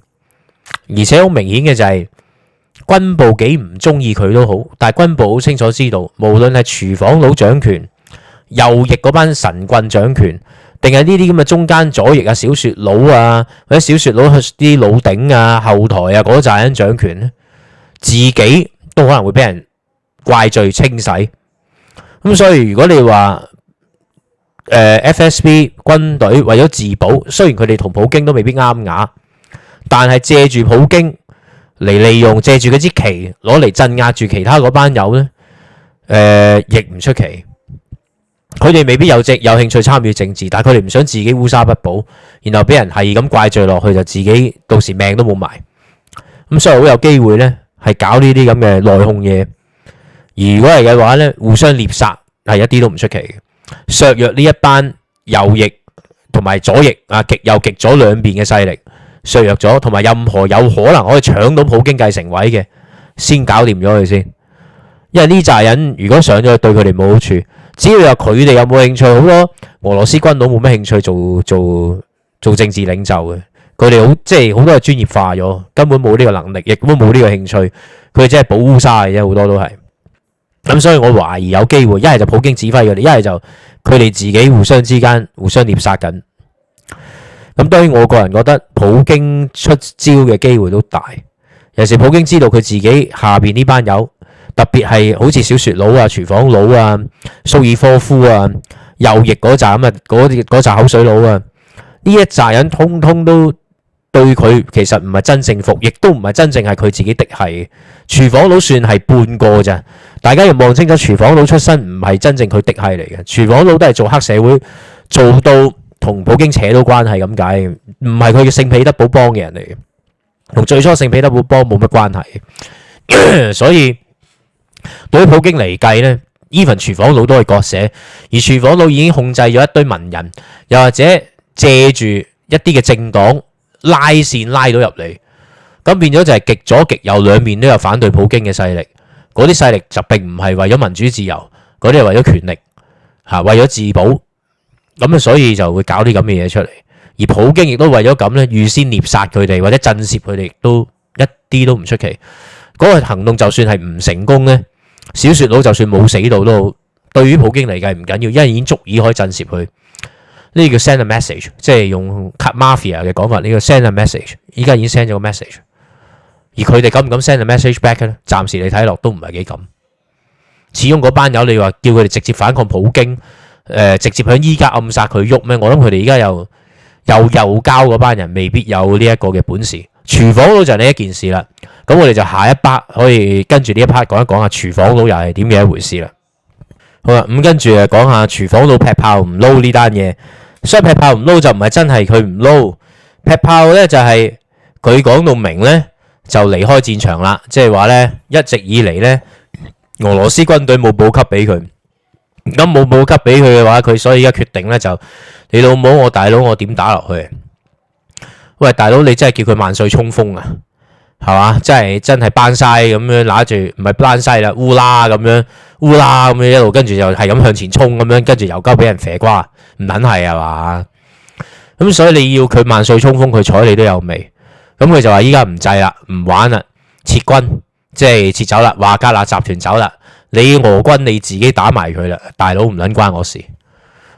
而且好明顯嘅就係軍部幾唔中意佢都好，但係軍部好清楚知道，無論係廚房佬掌權，右翼嗰班神棍掌權，定係呢啲咁嘅中間左翼啊、小雪佬啊，或者小雪佬去啲老頂啊、後台啊嗰扎人掌權咧，自己都可能會俾人怪罪清洗。咁所以如果你話誒、呃、FSB 佢哋未必有職有興趣參與政治，但係佢哋唔想自己烏紗不保，然後俾人係咁怪罪落去，就自己到時命都冇埋。咁所以好有機會呢，係搞呢啲咁嘅內訌嘢。如果係嘅話呢，互相獵殺係一啲都唔出奇嘅，削弱呢一班右翼同埋左翼啊，極右極左兩邊嘅勢力削弱咗，同埋任何有可能可以搶到普京繼承位嘅，先搞掂咗佢先。因為呢紮人如果上咗，對佢哋冇好處。只要有佢哋有冇興趣，好多俄羅斯軍佬冇乜興趣做做做政治領袖嘅，佢哋好即係好多係專業化咗，根本冇呢個能力，亦都冇呢個興趣。佢哋真係保護晒嘅啫，好多都係。咁所以我懷疑有機會，一係就普京指揮佢哋，一係就佢哋自己互相之間互相獵殺緊。咁當然我個人覺得普京出招嘅機會都大，尤其是普京知道佢自己下邊呢班友。特別係好似小說佬啊、廚房佬啊、蘇爾科夫啊、右翼嗰扎啊，嗰扎口水佬啊，呢一扎人通通都對佢其實唔係真正服，亦都唔係真正係佢自己嫡系。廚房佬算係半個咋，大家要望清楚。廚房佬出身唔係真正佢嫡系嚟嘅，廚房佬都係做黑社會做到同普京扯到關係咁解，唔係佢嘅聖彼得堡幫嘅人嚟嘅，同最初聖彼得堡幫冇乜關係， <coughs> 所以。對於普京嚟計呢，even 廚房佬都係割捨，而廚房佬已經控制咗一堆文人，又或者借住一啲嘅政黨拉線拉到入嚟，咁變咗就係極左極右兩面都有反對普京嘅勢力，嗰啲勢力就並唔係為咗民主自由，嗰啲係為咗權力吓，為咗自保，咁啊所以就會搞啲咁嘅嘢出嚟，而普京亦都為咗咁呢，預先獵殺佢哋或者震懾佢哋，亦都一啲都唔出奇，嗰個行動就算係唔成功呢。小雪佬就算冇死到都好，對於普京嚟計唔緊要，因為已經足以可以震懾佢。呢個叫 send a message，即係用 cut mafia 嘅講法，呢個 send a message，依家已經 send 咗個 message。而佢哋敢唔敢 send a message back 咧暫時你睇落都唔係幾敢。始終嗰班友，你話叫佢哋直接反抗普京，誒、呃，直接響依家暗殺佢喐咩？我諗佢哋而家又又又交嗰班人，未必有呢一個嘅本事。廚房佬就係呢一件事啦，咁我哋就下一 part 可以跟住呢一 part 講一講下廚房佬又係點嘅一回事啦。好啦，咁跟住啊講下廚房佬劈炮唔撈呢單嘢，所以劈炮唔撈就唔係真係佢唔撈，劈炮咧就係佢講到明咧就離開戰場啦，即係話咧一直以嚟咧俄羅斯軍隊冇補給俾佢，咁冇補給俾佢嘅話，佢所以而家決定咧就你老母我大佬我點打落去？喂，大佬，你真係叫佢萬歲衝鋒啊？係嘛，真係真係班晒咁樣，拿住唔係班晒啦，烏啦咁樣，烏啦咁樣一路，跟住又係咁向前衝咁樣，跟住又交俾人肥瓜，唔捻係啊嘛？咁所以你要佢萬歲衝鋒，佢睬你都有味。咁佢就話依家唔制啦，唔玩啦，撤軍，即係撤走啦。話瓦格納集團走啦，你俄軍你自己打埋佢啦，大佬唔捻關我事。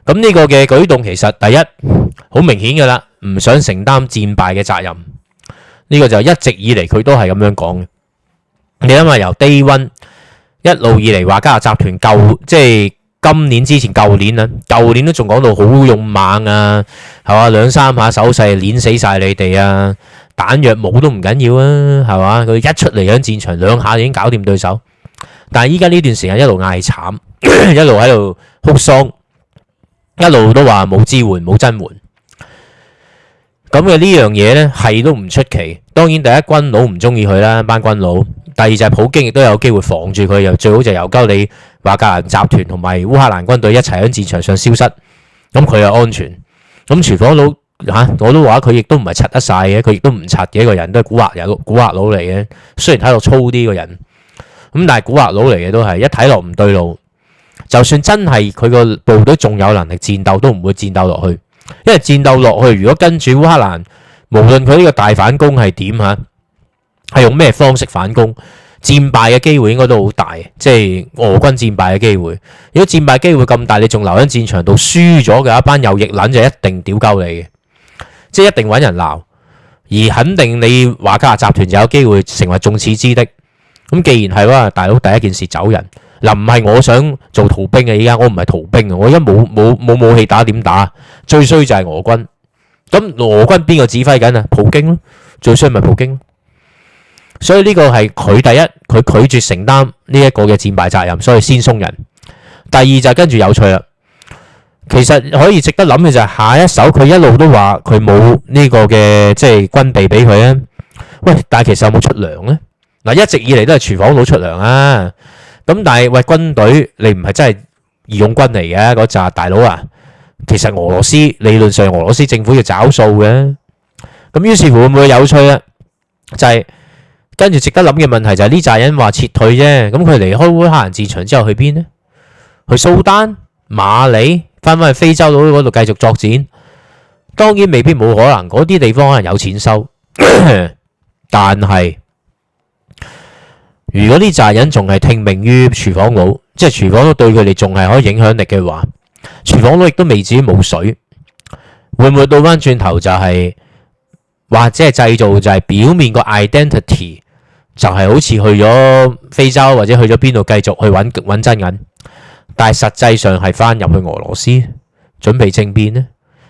咁呢個嘅舉動其實第一好明顯噶啦。唔想承擔戰敗嘅責任，呢個就一直以嚟佢都係咁樣講嘅。你諗下由 Day 1一路以嚟話，嘉華集團舊即係今年之前舊年啊，舊年都仲講到好勇猛啊，係嘛？兩三下手勢碾死曬你哋啊，彈藥冇都唔緊要啊，係嘛？佢一出嚟喺戰場兩下已經搞掂對手，但係依家呢段時間一路嗌慘，一路喺度哭喪，一路都話冇支援冇增援，咁嘅呢樣嘢呢，係都唔出奇。當然，第一軍佬唔中意佢啦，班軍佬。第二就係普京亦都有機會防住佢，又最好就由交你華格蘭集團同埋烏克蘭軍隊一齊喺戰場上消失，咁佢又安全。咁廚房佬嚇，我都話佢亦都唔係拆得晒嘅，佢亦都唔拆嘅一個人，都係古惑人、古惑佬嚟嘅。雖然睇到粗啲個人，咁但係古惑佬嚟嘅都係一睇落唔對路。就算真係佢個部隊仲有能力戰鬥，都唔會戰鬥落去。因為戰鬥落去，如果跟住烏克蘭，無論佢呢個大反攻係點吓，係用咩方式反攻，戰敗嘅機會應該都好大，即係俄軍戰敗嘅機會。如果戰敗機會咁大，你仲留喺戰場度輸咗嘅一班右翼撚就一定屌鳩你嘅，即係一定搵人鬧，而肯定你瓦格納集團就有機會成為眾矢之的。咁既然係啦，大佬第一件事走人。嗱，唔係我想做逃兵嘅。依家我唔係逃兵啊，我依家冇冇冇武器打，點打？最衰就係俄軍咁，俄軍邊個指揮緊啊？普京咯，最衰咪普京咯。所以呢個係佢第一，佢拒絕承擔呢一個嘅戰敗責任，所以先鬆人。第二就係跟住有趣啦。其實可以值得諗嘅就係下一手，佢一路都話佢冇呢個嘅即係軍備俾佢啊。喂，但係其實有冇出糧咧？嗱，一直以嚟都係廚房佬出糧啊。咁但係，喂，軍隊，你唔係真係義勇軍嚟嘅嗰紮大佬啊！其實俄羅斯理論上俄羅斯政府要找數嘅，咁於是乎會唔會有趣咧？就係跟住值得諗嘅問題就係呢紮人話撤退啫，咁佢離開烏克蘭戰場之後去邊呢？去蘇丹、馬里，翻翻去非洲嗰嗰度繼續作戰，當然未必冇可能，嗰啲地方可能有錢收，但係。如果啲炸人仲係聽命於廚房佬，即係廚房佬對佢哋仲係有影響力嘅話，廚房佬亦都未至於冇水，會唔會倒翻轉頭就係、是、或者係製造就係表面個 identity 就係好似去咗非洲或者去咗邊度繼續去揾揾真銀，但係實際上係翻入去俄羅斯準備政變呢？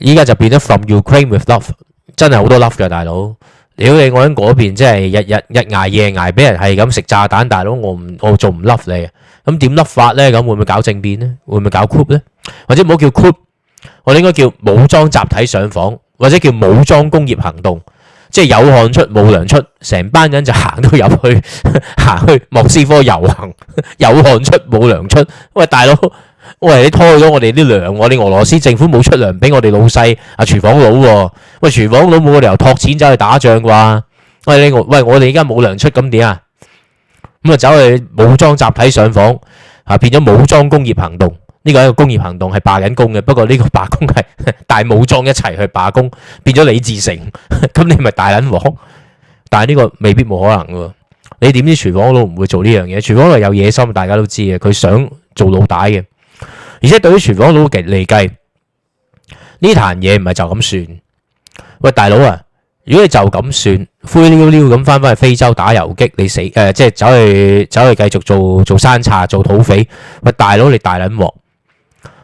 依家就變咗 from Ukraine with love，真係好多 love 嘅大佬。如果你我喺嗰邊，真係日日日捱夜捱，俾人係咁食炸彈，大佬我唔我仲唔 love 你？咁點 love 法咧？咁會唔會搞政變咧？會唔會搞 coup 咧？或者唔好叫 coup，我哋應該叫武裝集體上訪，或者叫武裝工業行動。即係有汗出冇糧出，成班人就行到入去行去莫斯科遊行。有汗出冇糧出，喂，大佬。喂，你拖咗我哋啲糧，我哋俄羅斯政府冇出糧俾我哋老細阿廚房佬，哦。喂，廚房佬冇理由托錢走去打仗啩。喂，你喂我哋而家冇糧出，咁點啊？咁、嗯、啊，走去武裝集體上訪，吓、啊、變咗武裝工業行動。呢、這個係一個工業行動係罷緊工嘅，不過呢個罷工係 <laughs> 帶武裝一齊去罷工，變咗李自成咁、， <laughs> 嗯，你咪大捻王。但係呢個未必冇可能嘅，你點知廚房佬唔會做呢樣嘢？廚房佬有野心，大家都知嘅，佢想做老大嘅。而且對於廚房佬嚟計，呢壇嘢唔係就咁算。喂，大佬啊，如果你就咁算，灰溜溜咁翻返去非洲打游擊，你死誒、呃，即係走去走去繼續做做山賊、做土匪。喂，大佬你大撚鑊，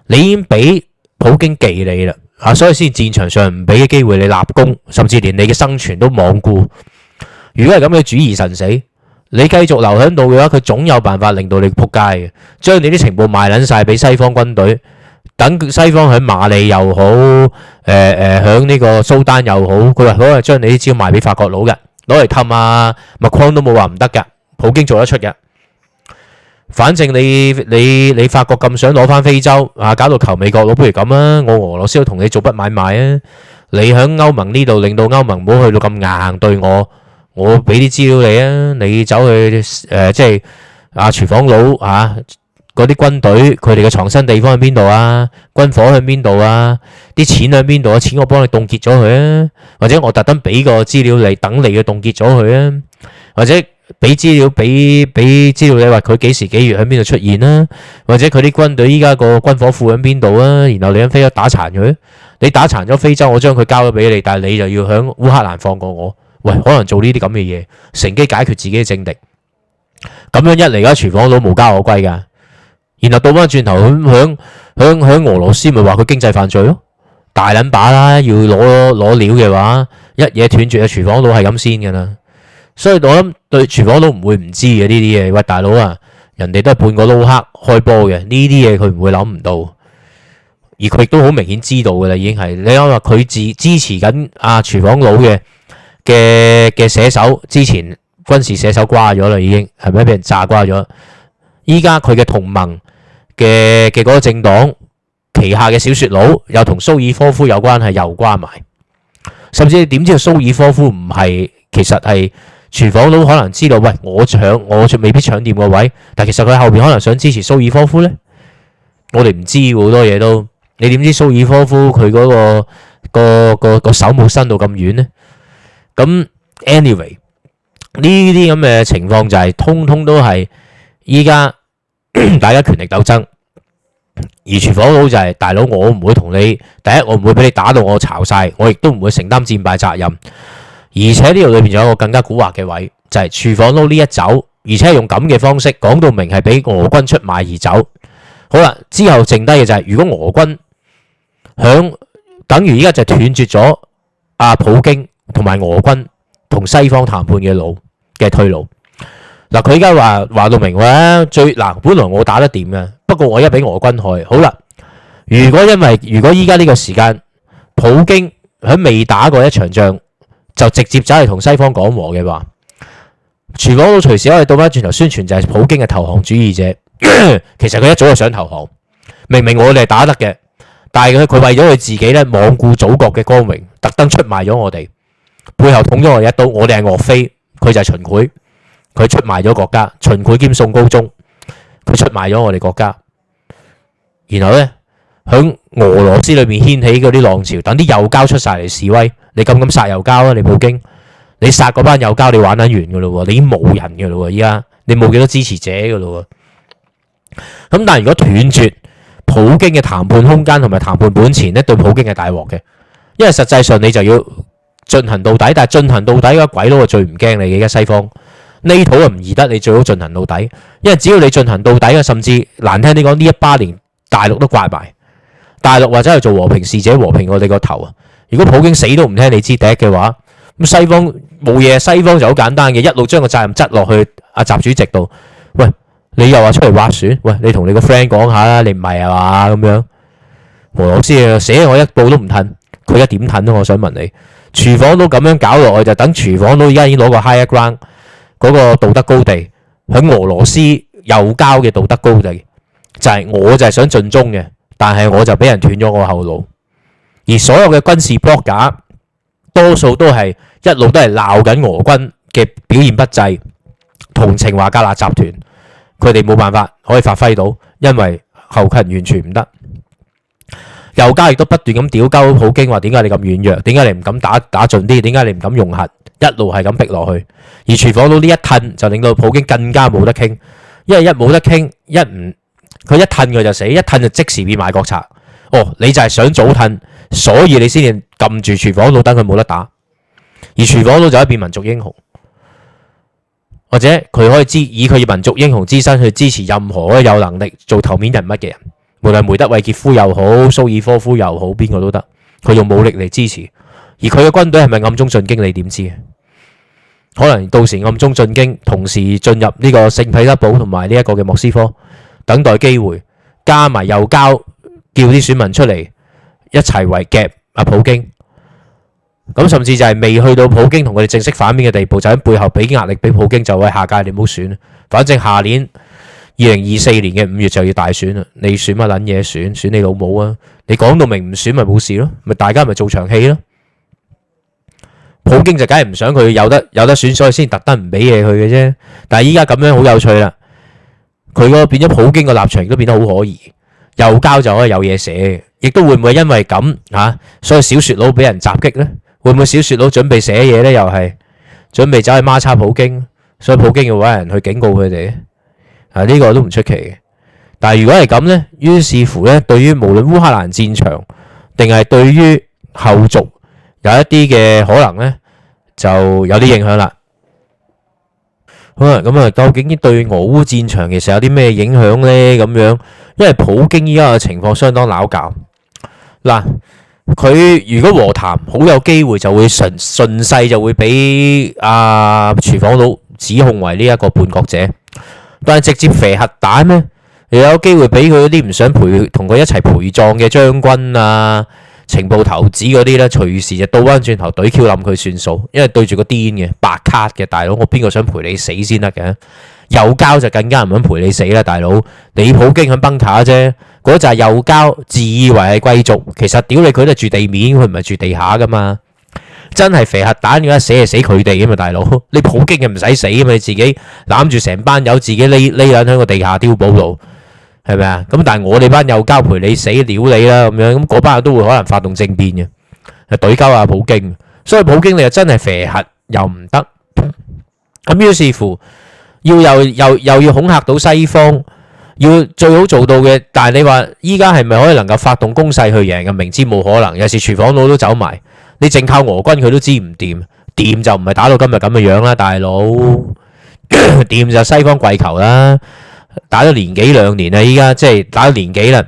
你已經俾普京忌你啦，啊，所以先戰場上唔俾機會你立功，甚至連你嘅生存都罔顧。如果係咁嘅主義神死！你繼續留喺度嘅話，佢總有辦法令到你撲街嘅。將你啲情報賣撚曬俾西方軍隊，等西方喺馬里又好，誒誒喺呢個蘇丹又好，佢話攞嚟將你啲資料賣俾法國佬嘅，攞嚟氹啊，麥匡都冇話唔得嘅，普京做得出嘅。反正你你你法國咁想攞翻非洲啊，搞到求美國佬，不如咁啊，我俄羅斯都同你做筆買賣啊，你喺歐盟呢度令到歐盟唔好去到咁硬對我。我俾啲資料你啊，你走去誒、呃，即係阿廚房佬啊，嗰啲、啊、軍隊佢哋嘅藏身地方喺邊度啊？軍火喺邊度啊？啲錢喺邊度啊？錢我幫你凍結咗佢啊，或者我特登俾個資料你，等你嘅凍結咗佢啊，或者俾資料俾俾資料你話佢幾時幾月喺邊度出現啦、啊，或者佢啲軍隊依家個軍火庫喺邊度啊？然後你喺非洲打殘佢，你打殘咗非洲，我將佢交咗俾你，但係你就要喺烏克蘭放過我。喂，可能做呢啲咁嘅嘢，乘機解決自己嘅政敵，咁樣一嚟，而家廚房佬無家可歸噶。然後倒返轉頭，響響響俄羅斯咪話佢經濟犯罪咯，大捻把啦，要攞攞料嘅話，一嘢斷絕啊！廚房佬係咁先噶啦。所以我諗對廚房佬唔會唔知嘅呢啲嘢。喂，大佬啊，人哋都係半個撈黑開波嘅呢啲嘢，佢唔會諗唔到，而佢亦都好明顯知道噶啦，已經係你諗下佢支支持緊啊廚房佬嘅。嘅嘅寫手之前軍事寫手瓜咗啦，已經係咪俾人炸瓜咗？依家佢嘅同盟嘅嘅嗰個政黨旗下嘅小說佬又同蘇爾科夫有關係，又關埋。甚至你點知蘇爾科夫唔係其實係廚房佬，可能知道喂，我搶我未必搶掂個位，但其實佢後邊可能想支持蘇爾科夫呢，我哋唔知好多嘢都你點知蘇爾科夫佢嗰、嗰個、嗰個、嗰個、嗰個手冇伸到咁遠呢？咁，anyway 呢啲咁嘅情況就係通通都係依家大家權力鬥爭。而廚房佬就係大佬，我唔會同你第一，我唔會俾你打到我巢晒，我亦都唔會承擔戰敗責任。而且呢度裏面仲有一個更加古惑嘅位，就係廚房佬呢一走，而且用咁嘅方式講到明係俾俄軍出賣而走。好啦，之後剩低嘅就係，如果俄軍響，等於依家就斷絕咗阿普京。同埋俄軍同西方談判嘅路嘅退路嗱，佢依家話話到明咧，最嗱，本來我打得掂嘅，不過我一俾俄軍去好啦。如果因為如果依家呢個時間，普京喺未打過一場仗就直接走嚟同西方講和嘅話，廚房佬隨時可以倒翻轉頭宣傳就係普京嘅投降主義者。 <coughs> 其實佢一早就想投降，明明我哋係打得嘅，但係咧佢為咗佢自己咧，罔顧祖國嘅光榮，特登出賣咗我哋。背後捅咗我一刀，我哋係岳飛，佢就係秦檜，佢出賣咗國家。秦檜兼宋高宗，佢出賣咗我哋國家。然後呢，喺俄羅斯裏面掀起嗰啲浪潮，等啲右膠出晒嚟示威。你敢唔敢殺右膠啊？你普京，你殺嗰班右膠，你玩得完噶咯？你已經冇人噶咯，依家你冇幾多支持者噶咯。咁但係如果斷絕普京嘅談判空間同埋談判本錢呢，對普京係大鑊嘅，因為實際上你就要。進行到底，但係進行到底個鬼佬啊，最唔驚你而家西方呢套啊唔易得你，你最好進行到底，因為只要你進行到底啊，甚至難聽啲講呢一巴連大陸都怪埋大陸，或者係做和平使者和平我哋個頭啊。如果普京死都唔聽你支笛嘅話，咁西方冇嘢，西方就好簡單嘅一路將個責任執落去阿習主席度。喂，你又話出嚟挖船？喂，你同你個 friend 講下啦，你唔係啊嘛咁樣。俄羅斯啊，死我一步都唔褪，佢一點褪咯。我想問你。廚房都咁樣搞落去，就等廚房都而家已經攞個 higher ground 嗰個道德高地，喺俄羅斯右膠嘅道德高地，就係、是、我就係想盡忠嘅，但係我就俾人斷咗我後路，而所有嘅軍事 blog 嘅，多數都係一路都係鬧緊俄軍嘅表現不濟，同情華格納集團，佢哋冇辦法可以發揮到，因為後勤完全唔得。右家亦都不斷咁屌鳩普京話：點解你咁軟弱？點解你唔敢打打進啲？點解你唔敢用核？一路係咁逼落去，而廚房佬呢一褪就令到普京更加冇得傾，因為一冇得傾，一唔佢一褪佢就死，一褪就即時變賣國賊。哦，你就係想早褪，所以你先至撳住廚房佬等佢冇得打，而廚房佬就變民族英雄，或者佢可以支以佢民族英雄之身去支持任何有能力做頭面人物嘅人。無論梅德韋傑夫又好，蘇爾科夫又好，邊個都得，佢用武力嚟支持，而佢嘅軍隊係咪暗中進京，你點知？可能到時暗中進京，同時進入呢個聖彼得堡同埋呢一個嘅莫斯科，等待機會，加埋又交，叫啲選民出嚟一齊圍夾阿普京，咁甚至就係未去到普京同佢哋正式反面嘅地步，就喺背後俾壓力，俾普京就話下屆你唔好選，反正下年。二零二四年嘅五月就要大選啦，你選乜撚嘢選？選你老母啊！你講到明唔選咪冇事咯，咪大家咪做場戲咯。普京就梗係唔想佢有得有得選，所以先特登唔俾嘢佢嘅啫。但係依家咁樣好有趣啦，佢嗰個變咗普京嘅立場都變得好可疑。又交就可以有嘢寫，亦都會唔會因為咁吓，所以小說佬俾人襲擊呢？會唔會小說佬準備寫嘢呢？又係準備走去孖叉普京，所以普京要搵人去警告佢哋。啊！呢個都唔出奇嘅，但係如果係咁咧，於是乎咧，對於無論烏克蘭戰場定係對於後續有一啲嘅可能咧，就有啲影響啦。好啦，咁啊，究竟呢對俄烏戰場其實有啲咩影響咧？咁樣，因為普京依家嘅情況相當攪搞嗱，佢如果和談好有機會就會順順勢就會俾啊廚房佬指控為呢一個叛國者。但係直接肥核彈咩？又有機會俾佢嗰啲唔想陪同佢一齊陪葬嘅將軍啊、情報頭子嗰啲咧，隨時就倒翻轉頭懟 Q 冧佢算數，因為對住個癲嘅白卡嘅大佬，我邊個想陪你死先得嘅？右膠就更加唔肯陪你死啦，大佬你普京肯崩塔啫，嗰就係右膠自以為係貴族，其實屌你佢都係住地面，佢唔係住地下噶嘛。真係肥核彈，而家死係死佢哋噶嘛，大佬！你普京又唔使死啊嘛，你自己攬住成班友，自己匿匿喺個地下碉堡度，係咪啊？咁但係我哋班右膠陪你死了你啦，咁樣咁嗰班都會可能發動政變嘅，懟膠下普京！所以普京你又真係肥核又唔得，咁於是乎要又又又要恐嚇到西方，要最好做到嘅，但係你話依家係咪可以能夠發動攻勢去贏啊？明知冇可能，有時廚房佬都走埋。你淨靠俄軍佢都知唔掂，掂就唔係打到今日咁嘅樣啦，大佬掂 <coughs> 就西方跪求啦，打咗年幾兩年啦，依家即係打咗年幾啦，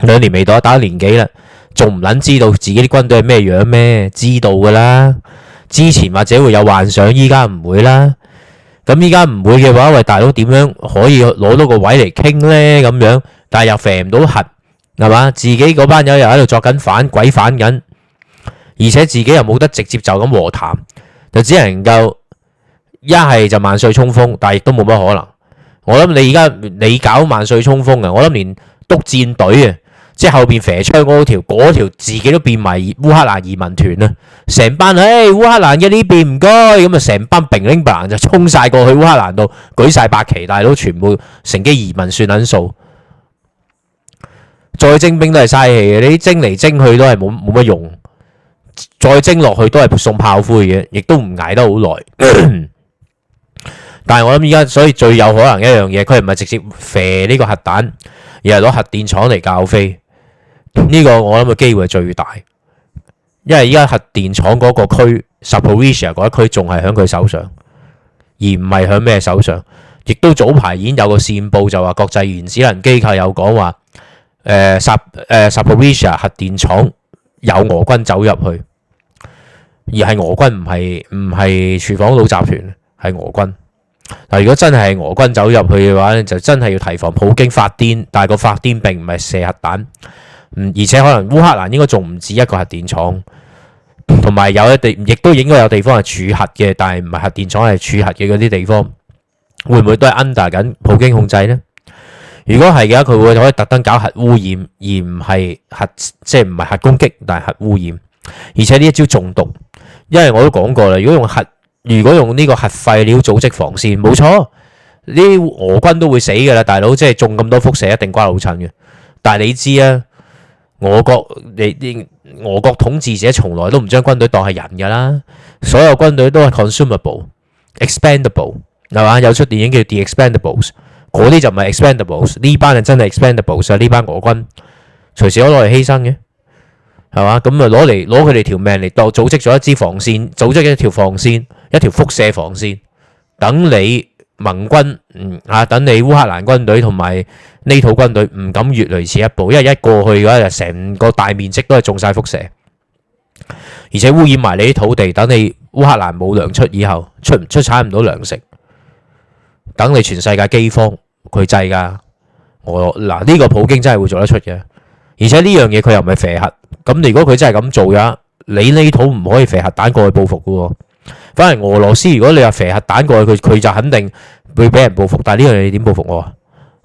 兩年未到，打咗年幾啦，仲唔撚知道自己啲軍隊係咩樣咩？知道噶啦，之前或者會有幻想，依家唔會啦。咁依家唔會嘅話，喂大佬點樣可以攞到個位嚟傾咧？咁樣，但係又肥唔到核係嘛？自己嗰班友又喺度作緊反鬼反緊。而且自己又冇得直接就咁和談，就只能夠一係就萬歲衝鋒，但係亦都冇乜可能。我諗你而家你搞萬歲衝鋒啊，我諗連督戰隊啊，即係後邊射槍嗰條嗰條自己都變埋烏克蘭移民團啦，成班唉烏克蘭嘅呢邊唔該咁啊，成班平拎白冷就衝曬過去烏克蘭度，舉曬白旗，但係都全部乘機移民算撚數，再徵兵都係嘥氣嘅，你徵嚟徵去都係冇冇乜用。再蒸落去都係送炮灰嘅，亦都唔挨得好耐。 <coughs> 但係我諗依家，所以最有可能一樣嘢，佢唔係直接射呢個核彈，而係攞核電廠嚟教飛？呢、這個我諗嘅機會係最大，因為依家核電廠嗰個區，Zaporizhzhia 嗰一區仲係喺佢手上，而唔係喺咩手上。亦都早排已經有個線報就話，國際原子能機構有講話，誒、呃，誒 Zaporizhzhia、呃、核電廠。有俄軍走入去，而係俄軍唔係唔係廚房佬集團，係俄軍。嗱，如果真係俄軍走入去嘅話，就真係要提防普京發癲。但係個發癲並唔係射核彈，而且可能烏克蘭應該仲唔止一個核電廠，同埋有，有一地亦都應該有地方係儲核嘅，但係唔係核電廠係儲核嘅嗰啲地方，會唔會都係 under 緊普京控制呢？如果係嘅話，佢會可以特登搞核污染，而唔係核即係唔係核攻擊，但係核污染。而且呢一招中毒，因為我都講過啦，如果用核，如果用呢個核廢料組織防線，冇錯，呢啲俄軍都會死㗎啦，大佬即係中咁多輻射一定瓜老襯嘅。但係你知啊，俄國你俄國統治者從來都唔將軍隊當係人㗎啦，所有軍隊都係 consumable、expandable 係嘛？有出電影叫《The Expendables》。嗰啲就唔係 expandables，呢班係真係 expandables 啊！呢班俄軍隨時可攞嚟犧牲嘅，係嘛？咁啊攞嚟攞佢哋條命嚟，當組織咗一支防線，組織一條防線，一條輻射防線，等你盟軍啊，等你烏克蘭軍隊同埋呢套軍隊唔敢越雷池一步，因為一過去嘅話，成個大面積都係中曬輻射，而且污染埋你啲土地，等你烏克蘭冇糧出以後，出唔出產唔到糧食。等你全世界饑荒，佢制噶，我嗱呢個普京真係會做得出嘅，而且呢樣嘢佢又唔係射核，咁如果佢真係咁做嘅，你呢土唔可以射核彈過去報復嘅喎，反而俄羅斯如果你話射核彈過去，佢佢就肯定會俾人報復，但係呢樣嘢你點報復我啊？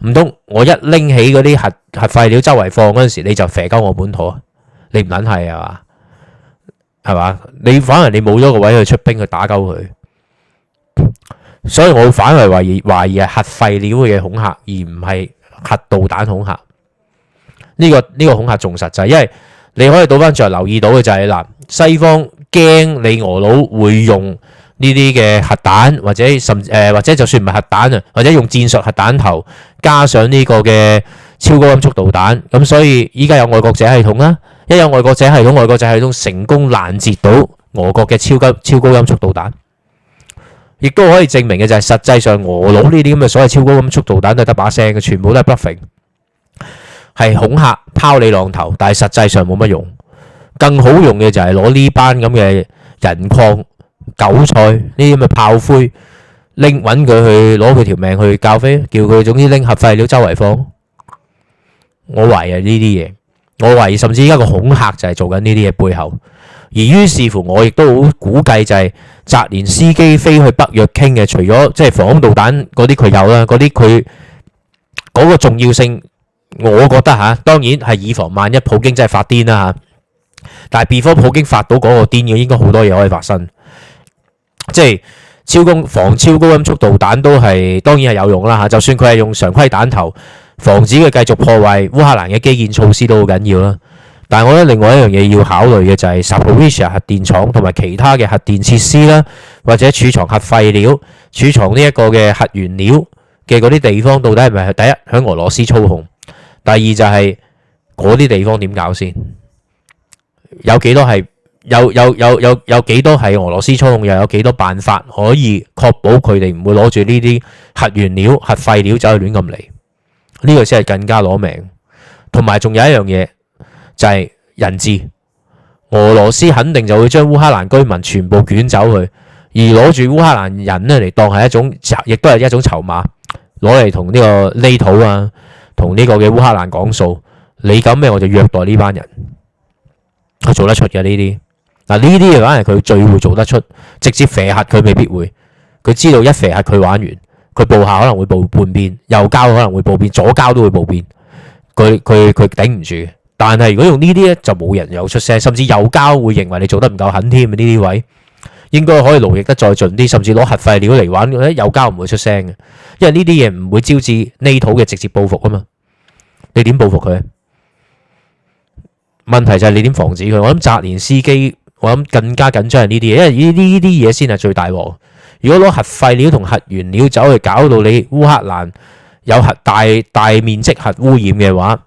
唔通我一拎起嗰啲核核廢料周圍放嗰陣時，你就射鳩我本土啊？你唔撚係係嘛？係嘛？你反而你冇咗個位去出兵去打鳩佢。所以，我反為懷疑懷疑係核廢料嘅恐嚇，而唔係核導彈恐嚇。呢個呢個恐嚇仲實際，因為你可以倒返轉留意到嘅就係嗱，西方驚你俄佬會用呢啲嘅核彈，或者甚至、呃、或者就算唔係核彈啊，或者用戰術核彈頭加上呢個嘅超高音速導彈。咁所以依家有愛國者系統啦，一有愛國者系統，愛國者系統成功攔截到俄國嘅超級超高音速導彈。亦都可以證明嘅就係實際上俄佬呢啲咁嘅所謂超高音速導彈都得把聲嘅，全部都係 bluffing，係恐嚇，拋你浪頭，但係實際上冇乜用。更好用嘅就係攞呢班咁嘅人礦韭菜呢啲咁嘅炮灰，拎揾佢去攞佢條命去教飛，叫佢總之拎核廢料周圍放。我懷疑呢啲嘢，我懷疑甚至依家個恐嚇就係做緊呢啲嘢背後。而於是乎，我亦都好估計就係澤連斯基飛去北約傾嘅。除咗即係防空導彈嗰啲，佢有啦，嗰啲佢嗰個重要性，我覺得嚇，當然係以防萬一普京真係發癲啦嚇。但係比方普京發到嗰個癲嘅，應該好多嘢可以發生。即係超高防超高音速導彈都係當然係有用啦嚇。就算佢係用常規彈頭，防止佢繼續破壞烏克蘭嘅基建措施都好緊要啦。但係，我覺得另外一樣嘢要考慮嘅就係 Zaporizhzhia 核電廠同埋其他嘅核電設施啦，或者儲藏核廢料、儲藏呢一個嘅核原料嘅嗰啲地方，到底係咪係第一喺俄羅斯操控？第二就係嗰啲地方點搞先？有幾多係有有有有有幾多係俄羅斯操控？又有幾多辦法可以確保佢哋唔會攞住呢啲核原料、核廢料走去亂咁嚟？呢個先係更加攞命。同埋仲有一樣嘢。就係人質，俄羅斯肯定就會將烏克蘭居民全部捲走去，而攞住烏克蘭人咧嚟當係一種亦都係一種籌碼，攞嚟同呢個呢土啊，同呢個嘅烏克蘭講數。你敢咩我就虐待呢班人，佢做得出嘅呢啲嗱，呢啲嘢梗係佢最會做得出，直接肥 i 佢，未必會佢知道一肥 i 佢玩完，佢報下可能會報半邊右交可能會報變左交都會報變，佢，佢佢頂唔住。但係如果用呢啲咧,就冇人有出聲，甚至有膠會認為你做得唔夠狠添。呢啲位應該可以勞役得再盡啲，甚至攞核廢料嚟玩，咧有膠唔會出聲嘅，因為呢啲嘢唔會招致呢土嘅直接報復啊嘛。你點報復佢？問題就係你點防止佢？我諗澤連斯基，我諗更加緊張係呢啲嘢，因為呢呢啲嘢先係最大鑊。如果攞核廢料同核原料走去搞到你烏克蘭有核大大面積核污染嘅話。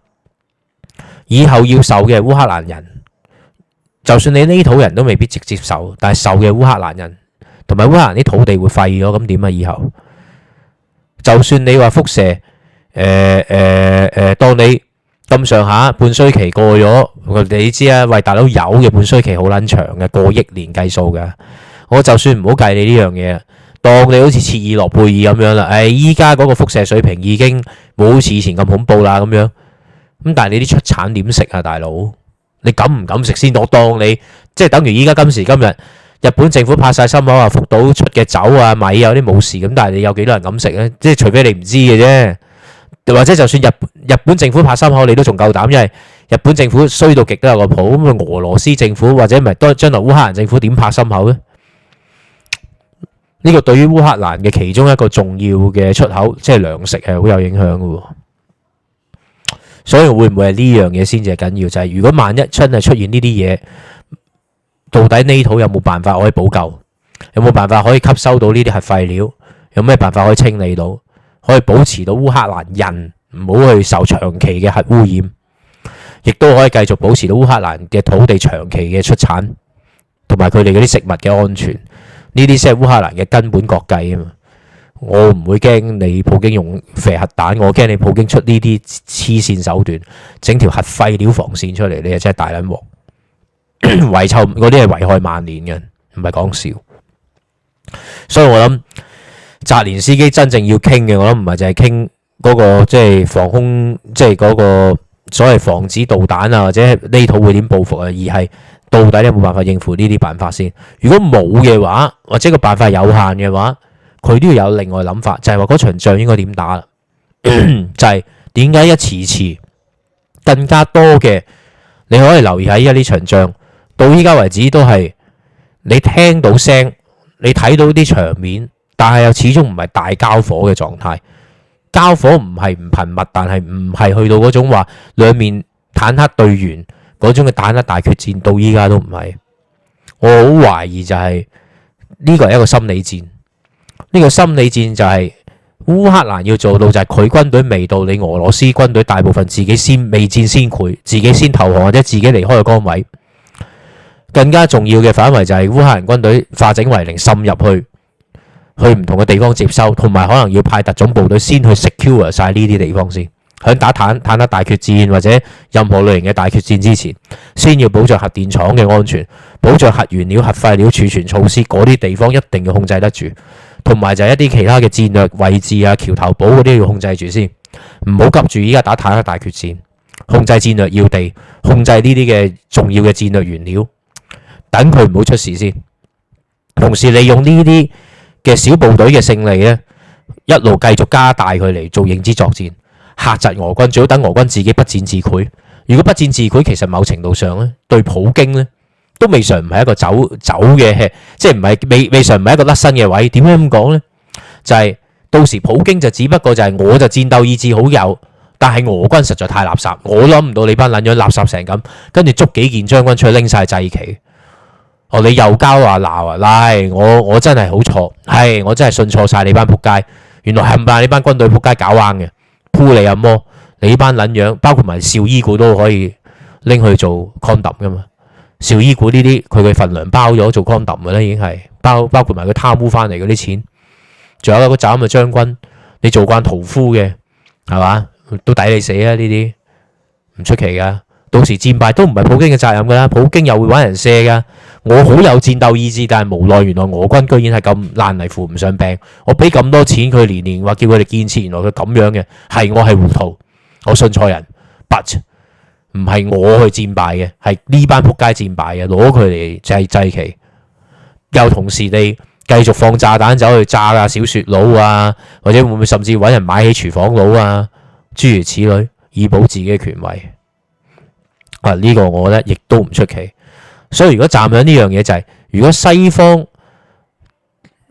以後要受嘅係烏克蘭人，就算你呢土人都未必直接受，但係受嘅烏克蘭人同埋烏克蘭啲土地會廢咗，咁點啊？以後就算你話輻射，誒誒誒，當你咁上下半衰期過咗，你知啊？喂大佬，有嘅半衰期好撚長嘅，過億年計數嘅，我就算唔好計你呢樣嘢，當你好似切爾諾貝爾咁樣啦，誒、哎，依家嗰個輻射水平已經冇以前咁恐怖啦，咁樣。咁但係你啲出產點食啊，大佬？你敢唔敢食先？我當你即係等於依家今時今日，日本政府拍晒心口話福島出嘅酒啊、米有啲冇事咁，但係你有幾多人敢食呢？即係除非你唔知嘅啫，或者就算日本日本政府拍心口，你都仲夠膽，因為日本政府衰到極都有個譜。咁啊，俄羅斯政府或者唔係都將來烏克蘭政府點拍心口呢？呢、呢個對於烏克蘭嘅其中一個重要嘅出口，即係糧食係好有影響嘅喎。所以會唔會係呢樣嘢先至係緊要？就係、是、如果萬一真係出現呢啲嘢，到底呢土有冇辦法可以補救？有冇辦法可以吸收到呢啲核廢料？有咩辦法可以清理到？可以保持到烏克蘭人唔好去受長期嘅核污染，亦都可以繼續保持到烏克蘭嘅土地長期嘅出產，同埋佢哋嗰啲食物嘅安全？呢啲先係烏克蘭嘅根本國計啊！我唔會驚你普京用肥核彈，我驚你普京出呢啲黐線手段，整條核廢料防線出嚟，你又真係大卵鑊， <coughs> 遺臭嗰啲係危害萬年嘅，唔係講笑。所以我諗，澤連斯基真正要傾嘅，我諗唔係就係傾嗰個即係防空，即係嗰個所謂防止導彈啊，或者呢套會點報復啊，而係到底你有冇辦法應付呢啲辦法先？如果冇嘅話，或者個辦法有限嘅話，佢都要有另外諗法，就係話嗰場仗應該點打啦？ <coughs> 就係點解一次次更加多嘅？你可以留意下。依家呢場仗到依家為止都係你聽到聲，你睇到啲場面，但係又始終唔係大交火嘅狀態。交火唔係唔頻密，但係唔係去到嗰種話兩面坦克對完嗰種嘅坦克大決戰。到依家都唔係，我好懷疑就係呢個係一個心理戰。呢個心理戰就係、是、烏克蘭要做到就係佢軍隊未到，你俄羅斯軍隊大部分自己先未戰先潰，自己先投降或者自己離開個崗位。更加重要嘅範圍就係、是、烏克蘭軍隊化整為零，滲入去去唔同嘅地方接收，同埋可能要派特種部隊先去 secure 晒呢啲地方先。響打坦坦克大決戰或者任何類型嘅大決戰之前，先要保障核電廠嘅安全，保障核原料、核廢料儲存措施嗰啲地方一定要控制得住。同埋就係一啲其他嘅戰略位置啊、橋頭堡嗰啲要控制住先，唔好急住依家打坦克大決戰，控制戰略要地，控制呢啲嘅重要嘅戰略原料，等佢唔好出事先。同時利用呢啲嘅小部隊嘅勝利咧，一路繼續加大佢嚟做認知作戰，嚇窒俄軍，最好等俄軍自己不戰自潰。如果不戰自潰，其實某程度上咧，對普京咧。都未嘗唔係一個走走嘅，即係唔係未未嘗唔係一個甩身嘅位。點解咁講呢？就係到時普京就只不過就係我就戰鬥意志好有，但係俄軍實在太垃圾，我諗唔到你班撚樣垃圾成咁，跟住捉幾件將軍出去拎晒祭旗。哦，你又交話鬧啊，我我真係好錯，係我真係信錯晒你班仆街，原來冚唪唥你班軍隊仆街搞彎嘅，扑嚟又摸你呢班撚樣，包括埋紹伊古都可以拎去做 conduct 噶嘛。紹伊古呢啲佢嘅份量，包咗做康屯嘅咧，已經係包包括埋佢貪污翻嚟嗰啲錢，仲有個斬嘅將軍，你做慣屠夫嘅係嘛，都抵你死啊！呢啲唔出奇噶，到時戰敗都唔係普京嘅責任噶啦，普京又會玩人卸噶。我好有戰鬥意志，但係無奈原來俄軍居然係咁爛泥扶唔上壁。我俾咁多錢佢，年年話叫佢哋建設，原來佢咁樣嘅，係我係糊塗，我信錯人。But 唔係我去戰敗嘅，係呢班仆街戰敗嘅，攞佢嚟祭祭旗。又同時你繼續放炸彈走去炸啊，小雪佬啊，或者會唔會甚至搵人買起廚房佬啊？諸如此類，以保自己嘅權位。喂、啊，呢、這個我覺得亦都唔出奇。所以如果站響呢樣嘢就係、是，如果西方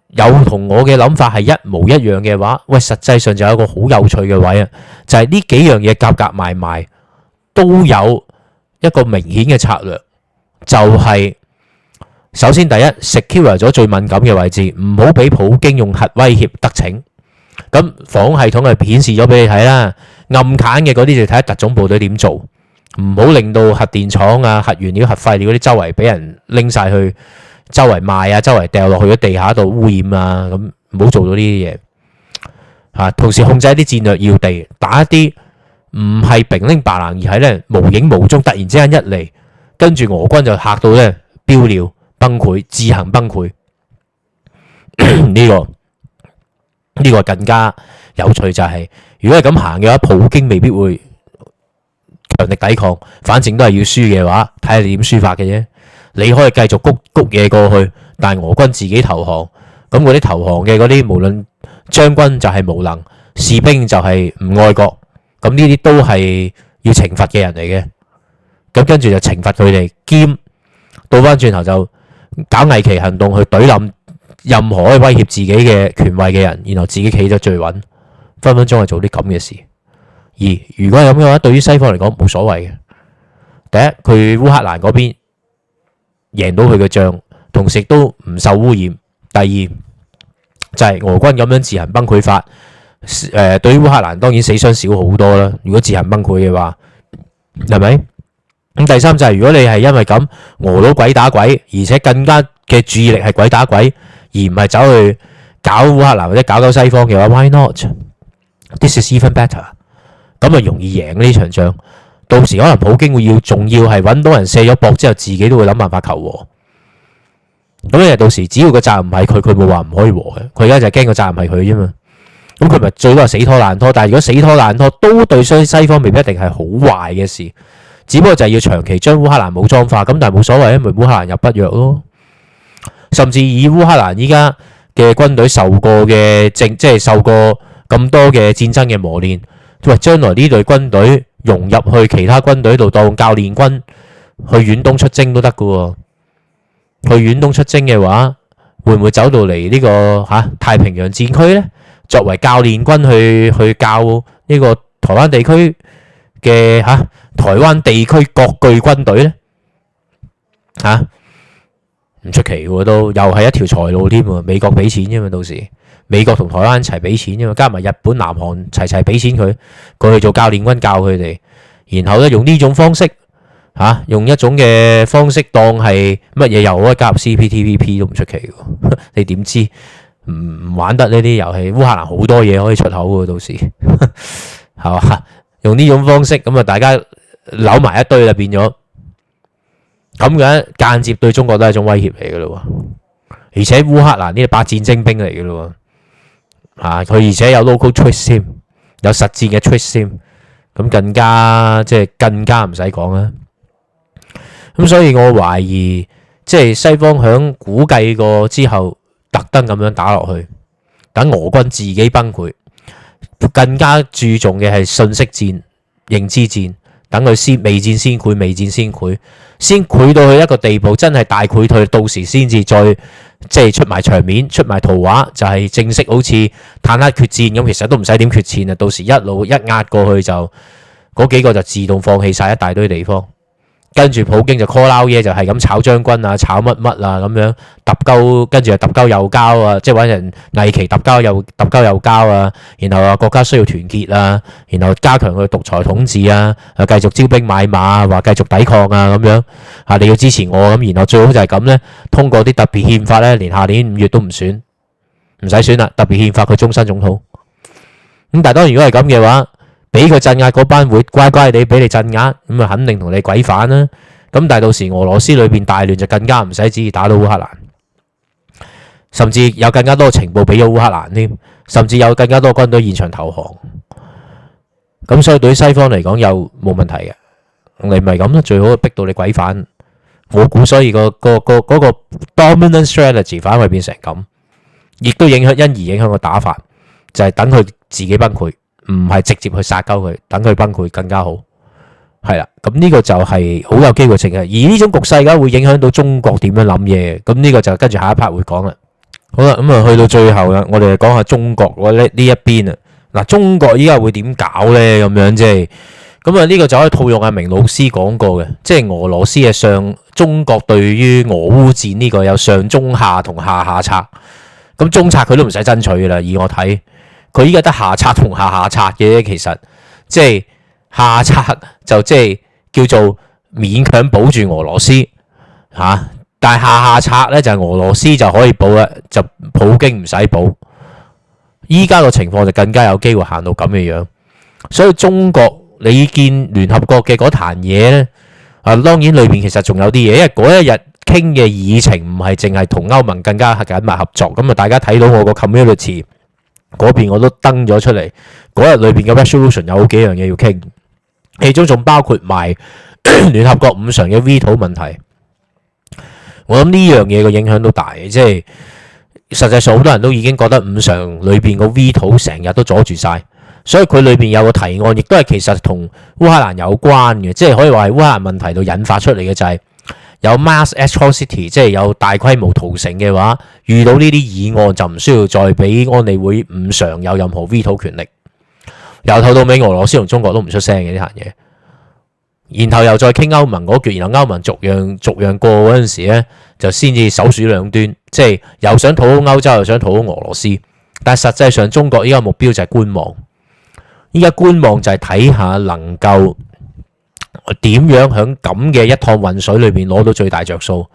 有同我嘅諗法係一模一樣嘅話，喂，實際上就有一個好有趣嘅位啊，就係、是、呢幾樣嘢夾夾埋埋。都有一個明顯嘅策略，就係首先第一，secure 咗最敏感嘅位置，唔好俾普京用核威脅得逞。咁防系統係顯示咗俾你睇啦，暗砍嘅嗰啲就睇下特種部隊點做，唔好令到核電廠啊、核原料、核廢料嗰啲周圍俾人拎曬去周圍賣啊、周圍掉落去個地下度污染啊，咁唔好做到呢啲嘢。嚇，同時控制一啲戰略要地，打一啲。唔係平丁白蘭，鈴鈴而係咧無影無蹤，突然之間一嚟，跟住俄軍就吓到咧，飆尿崩潰，自行崩潰。呢、 <coughs> 呢個呢、呢個更加有趣就係、是，如果係咁行嘅話，普京未必會強力抵抗，反正都係要輸嘅話，睇下你點輸法嘅啫。你可以繼續谷谷嘢過去，但係俄軍自己投降，咁嗰啲投降嘅嗰啲，無論將軍就係無能，士兵就係唔愛國。咁呢啲都係要懲罰嘅人嚟嘅，咁跟住就懲罰佢哋，兼倒翻轉頭就搞危機行動去懟冧任何去威脅自己嘅權位嘅人，然後自己企咗最穩，分分鐘係做啲咁嘅事。而如果係咁嘅話，對於西方嚟講冇所謂嘅。第一，佢烏克蘭嗰邊贏到佢嘅仗，同時都唔受污染。第二，就係俄軍咁樣自行崩潰法。誒，對於烏克蘭當然死傷少好多啦。如果自行崩潰嘅話，係咪？咁第三就係如果你係因為咁俄佬鬼打鬼，而且更加嘅注意力係鬼打鬼，而唔係走去搞烏克蘭或者搞到西方嘅話，Why not？This is even better。咁啊，容易贏呢場仗。到時可能普京會要，仲要係搵到人卸咗膊之後，自己都會諗辦法求和。咁啊，到時只要個責任唔係佢，佢會話唔可以和嘅。佢而家就驚個責任係佢啫嘛。咁佢咪最多係死拖爛拖，但係如果死拖爛拖都對西西方未必一定係好壞嘅事，只不過就係要長期將烏克蘭武裝化咁，但係冇所謂啊，因為烏克蘭入北約咯，甚至以烏克蘭依家嘅軍隊受過嘅政即係受過咁多嘅戰爭嘅磨練，喂，將來呢隊軍隊融入去其他軍隊度當教練軍去遠東出征都得㗎喎。去遠東出征嘅話，會唔會走到嚟呢個吓太平洋戰區呢？作為教練軍去去教呢個台灣地區嘅吓台灣地區各具軍隊咧吓唔出奇喎，都又係一條財路添喎。美國俾錢啫嘛，到時美國同台灣一齊俾錢啫嘛，加埋日本、南韓齊齊俾錢佢，佢去做教練軍教佢哋，然後咧用呢種方式吓用一種嘅方式當係乜嘢，又可以加入 CPTPP 都唔出奇喎，你點知？唔唔玩得呢啲遊戲，烏克蘭好多嘢可以出口喎，到時係嘛？用呢種方式咁啊，大家扭埋一堆啦，變咗咁樣間接對中國都係一種威脅嚟嘅咯。而且烏克蘭呢個百戰精兵嚟嘅咯，啊佢而且有 local 出先，有實戰嘅出先，咁更加即係更加唔使講啦。咁所以我懷疑即係西方響估計過之後。特登咁樣打落去，等俄軍自己崩潰，更加注重嘅係信息戰、認知戰，等佢先未戰先潰，未戰先潰，先潰到去一個地步，真係大潰退，到時先至再即係、就是、出埋場面、出埋圖畫，就係、是、正式好似坦克決戰咁，其實都唔使點決戰啊！到時一路一壓過去就嗰幾個就自動放棄晒一大堆地方。跟住普京就 call out 嘢就係咁炒將軍啊炒乜乜啊咁樣揼交，跟住又揼交又交啊即係搵人偽旗揼交又揼交又交啊，然後話國家需要團結啊然後加強佢獨裁統治啊繼續招兵買馬話繼續抵抗啊咁樣吓你要支持我咁，然後最好就係咁咧，通過啲特別憲法咧，連下年五月都唔選，唔使選啦特別憲法佢終身總統咁。但係當然如果係咁嘅話。俾佢鎮壓嗰班會乖乖地俾你鎮壓，咁啊肯定同你鬼反啦。咁但係到時俄羅斯裏邊大亂就更加唔使旨意打到烏克蘭，甚至有更加多情報俾咗烏克蘭添，甚至有更加多軍隊現場投降。咁所以對西方嚟講又冇問題嘅，你咪咁咯。最好逼到你鬼反，我估所以、嗰個、嗰個、嗰個 dominant strategy 反而變成咁，亦都影響因而影響個打法，就係等佢自己崩潰。唔係直接去殺鳩佢，等佢崩潰更加好，係啦。咁呢個就係好有機會性嘅。而呢種局勢而家會影響到中國點樣諗嘢，咁呢個就跟住下一 part 會講啦。好啦，咁啊去到最後啦，我哋講下中國嗰呢一邊啊。嗱，中國依家會點搞呢？咁樣啫。咁啊呢個就可以套用阿明老師講過嘅，即係俄羅斯嘅上中國對於俄烏戰呢個有上中下同下下策。咁中策佢都唔使爭取啦，以我睇。佢依家得下策同下下策嘅，其實即係下策，就即係叫做勉強保住俄羅斯吓、啊，但係下下策咧就係俄羅斯就可以保啦，就普京唔使保。依家個情況就更加有機會行到咁嘅樣，所以中國你見聯合國嘅嗰壇嘢咧啊，當然裏邊其實仲有啲嘢，因為嗰一日傾嘅議程唔係淨係同歐盟更加緊密合作，咁、嗯、啊大家睇到我個 community。嗰邊我都登咗出嚟，嗰日裏邊嘅 resolution 有好幾樣嘢要傾，其中仲包括埋聯 <coughs> 合國五常嘅 veto 問題。我諗呢樣嘢嘅影響都大，即係實際上好多人都已經覺得五常裏邊個 veto 成日都阻住晒，所以佢裏邊有個提案，亦都係其實同烏克蘭有關嘅，即係可以話係烏克蘭問題度引發出嚟嘅就係、是。有 mass atrocity 即係有大規模屠城嘅話，遇到呢啲議案就唔需要再俾安理會五常有任何 veto 權力。由頭到尾，俄羅斯同中國都唔出聲嘅呢行嘢。然後又再傾歐盟嗰橛，然後歐盟逐樣逐樣過嗰陣時咧，就先至首鼠兩端，即係又想討好歐洲，又想討好俄羅斯。但係實際上，中國依家目標就係觀望。依家觀望就係睇下能夠。點樣喺咁嘅一趟渾水裏邊攞到最大着數？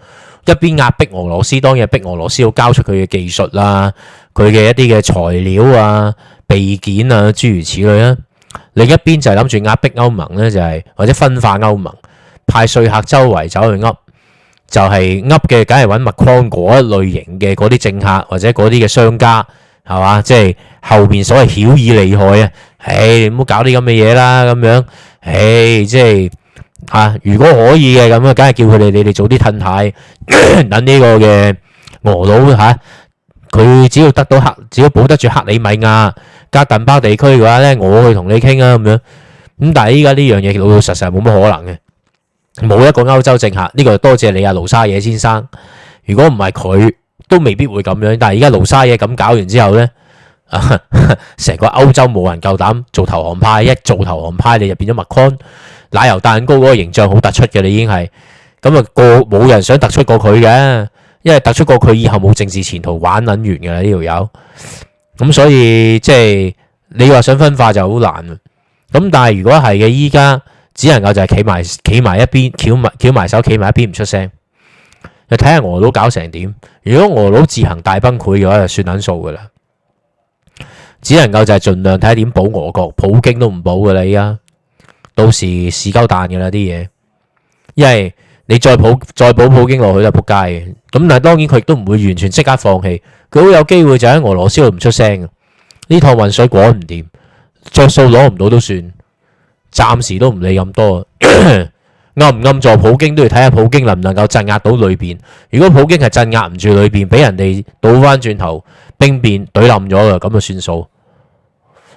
一邊壓迫俄羅斯，當然逼俄羅斯要交出佢嘅技術啦，佢嘅一啲嘅材料啊、備件啊諸如此類啦。另一邊就係諗住壓迫歐盟咧，就係或者分化歐盟，派稅客周圍走去噏，就係噏嘅梗係揾礦嗰一類型嘅嗰啲政客或者嗰啲嘅商家，係嘛？即係後邊所謂曉以利害啊！誒，唔好搞啲咁嘅嘢啦，咁樣，誒，即係。啊！如果可以嘅咁 <laughs> 啊，梗係叫佢哋你哋早啲褪軚，等呢個嘅俄佬嚇佢只要得到黑，只要保得住克里米亞加頓巴地區嘅話咧，我去同你傾啊咁樣。咁但係依家呢樣嘢老老實實冇乜可能嘅，冇一個歐洲政客呢、呢個多謝你啊，盧沙野先生。如果唔係佢，都未必會咁樣。但係依家盧沙野咁搞完之後咧，成、啊、個歐洲冇人夠膽做投降派，一做投降派你就變咗麥康。奶油蛋糕嗰個形象好突出嘅，你已經係咁啊，個冇人想突出過佢嘅，因為突出過佢以後冇政治前途玩，玩撚完嘅啦呢條友。咁所以即係你話想分化就好難啦。咁但係如果係嘅，依家只能夠就係企埋企埋一邊，翹埋翹埋手，企埋一邊唔出聲。你睇下俄佬搞成點？如果俄佬自行大崩潰嘅話，就算撚數嘅啦。只能夠就係盡量睇下點保俄國，普京都唔保嘅啦依家。到時屎鳩彈噶啦，啲嘢。因為你再普再補普京落去就仆街嘅，咁但係當然佢亦都唔會完全即刻放棄，佢好有機會就喺俄羅斯度唔出聲。呢趟運水管唔掂，着數攞唔到都算，暫時都唔理咁多。 <coughs> 暗唔暗助普京都要睇下普京能唔能夠鎮壓到裏邊，如果普京係鎮壓唔住裏邊，俾人哋倒翻轉頭兵變懟冧咗嘅，咁就算數。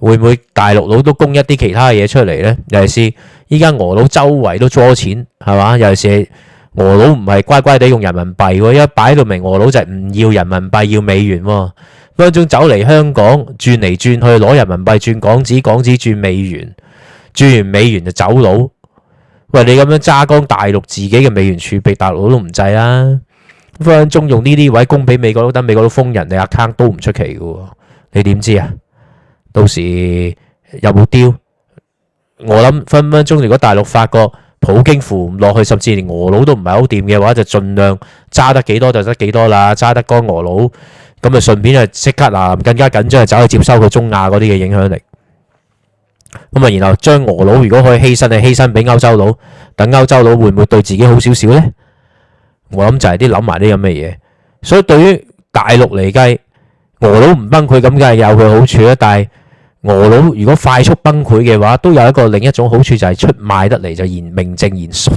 會唔會大陸佬都供一啲其他嘢出嚟呢？尤其是依家俄佬周圍都揸錢，係嘛？尤其是俄佬唔係乖乖地用人民幣，一擺到明俄佬就唔要人民幣，要美元，分分鐘走嚟香港轉嚟轉去攞人民幣，轉港紙，港紙轉美元，轉完美元就走佬。喂，你咁樣揸光大陸自己嘅美元儲備，大陸佬都唔制啦。分分鐘用呢啲位供俾美國佬，等美國佬封人哋 account 都唔出奇嘅。你點知啊？到時有冇丟，我諗分分鐘，如果大陸發覺普京扶唔落去，甚至連俄佬都唔係好掂嘅話，就盡量揸得幾多就得幾多啦。揸得乾俄佬咁啊，順便啊，即刻啊，更加緊張啊，走去接收佢中亞嗰啲嘅影響力。咁啊，然後將俄佬如果可以犧牲就犧牲俾歐洲佬，等歐洲佬會唔會對自己好少少呢？我諗就係啲諗埋啲咁嘅嘢，所以對於大陸嚟計，俄佬唔崩潰咁梗係有佢好處啦，但係。俄佬如果快速崩潰嘅話，都有一個另一種好處，就係出賣得嚟就言名正言順，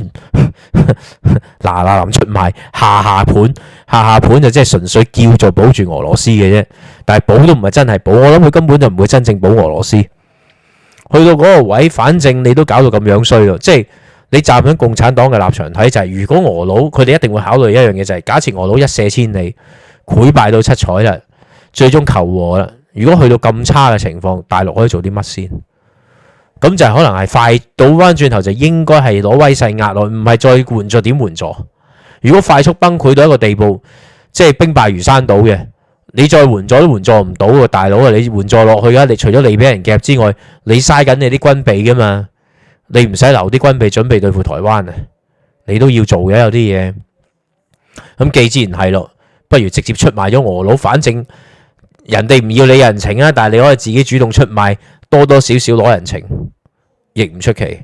嗱嗱臨出賣，下下盤下下盤就即係純粹叫做保住俄羅斯嘅啫，但係保都唔係真係保，我諗佢根本就唔會真正保俄羅斯。去到嗰個位，反正你都搞到咁樣衰咯，即係你站喺共產黨嘅立場睇就係、是，如果俄佬佢哋一定會考慮一樣嘢就係、是，假設俄佬一瀉千里，潰敗到七彩啦，最終求和啦。如果去到咁差嘅情況，大陸可以做啲乜先？咁就可能係快倒翻轉頭，就應該係攞威勢壓落，唔係再援助點援助？如果快速崩潰到一個地步，即係兵敗如山倒嘅，你再援助都援助唔到嘅，大佬啊！你援助落去啊，你除咗你俾人夾之外，你嘥緊你啲軍備噶嘛？你唔使留啲軍備準備對付台灣啊，你都要做嘅有啲嘢。咁既然係咯，不如直接出賣咗俄佬，反正。人哋唔要你人情啊，但係你可以自己主動出賣多多少少攞人情，亦唔出奇。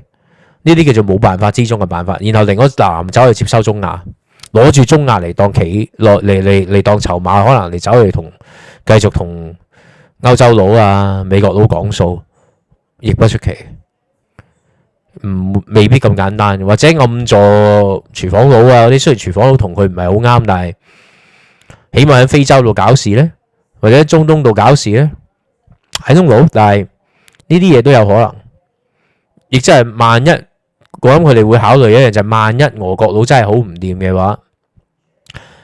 呢啲叫做冇辦法之中嘅辦法。然後另一個男走去接收中亞，攞住中亞嚟當棋，落嚟嚟嚟當籌碼，可能嚟走去同繼續同歐洲佬啊、美國佬講數，亦不出奇。唔未必咁簡單，或者暗助廚房佬啊嗰啲，雖然廚房佬同佢唔係好啱，但係起碼喺非洲度搞事呢。或者中東度搞事咧，喺東佬，但係呢啲嘢都有可能，亦即係萬一講佢哋會考慮一樣就萬一俄國佬真係好唔掂嘅話，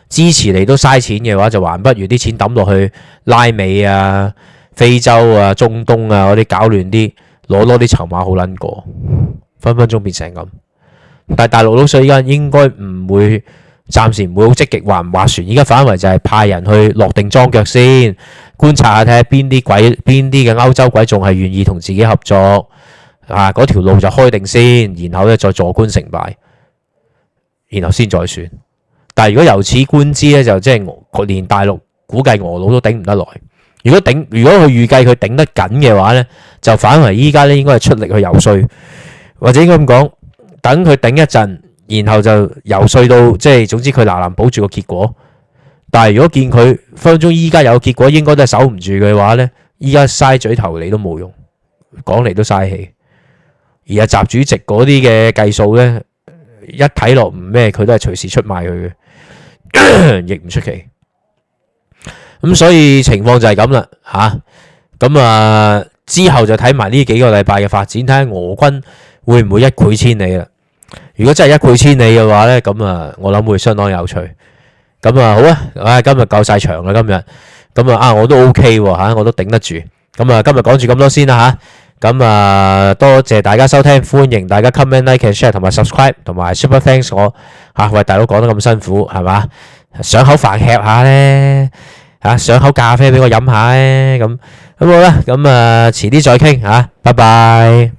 支持你都嘥錢嘅話，就還不如啲錢抌落去拉美啊、非洲啊、中東啊嗰啲搞亂啲，攞多啲籌碼好撚過，分分鐘變成咁。但係大陸佬所以而家應該唔會。暫時唔會好積極劃唔劃船，依家反為就係派人去落定裝腳先，觀察下睇下邊啲鬼邊啲嘅歐洲鬼仲係願意同自己合作，啊，嗰條路就開定先，然後咧再坐觀成敗，然後先再算。但係如果由此觀之咧，就即係我連大陸估計俄佬都頂唔得耐。如果頂，如果佢預計佢頂得緊嘅話咧，就反為依家咧應該係出力去遊說，或者應該咁講，等佢頂一陣。然後就遊說到，即係總之佢嗱嗱保住個結果。但係如果見佢分鐘依家有結果，應該都係守唔住嘅話呢，依家嘥嘴頭你都冇用，講嚟都嘥氣。而啊，習主席嗰啲嘅計數呢，一睇落唔咩，佢都係隨時出賣佢嘅，亦唔出奇。咁所以情況就係咁啦，吓。啊。咁啊之後就睇埋呢幾個禮拜嘅發展，睇下俄軍會唔會一潰千里啦。如果真係一潰千里嘅話咧，咁啊，我諗會相當有趣。咁啊，好啊，唉，今日夠曬場啦，今日。咁啊，啊，我都 OK 喎嚇，我都頂得住。咁啊，今日講住咁多先啦嚇。咁啊，多謝大家收聽，歡迎大家 comment like and share 同埋 subscribe 同埋 super thanks 我嚇，喂，大佬講得咁辛苦係嘛？上口飯吃下咧嚇，上口咖啡俾我飲下咧咁。咁好啦，咁啊，遲啲再傾嚇，拜拜。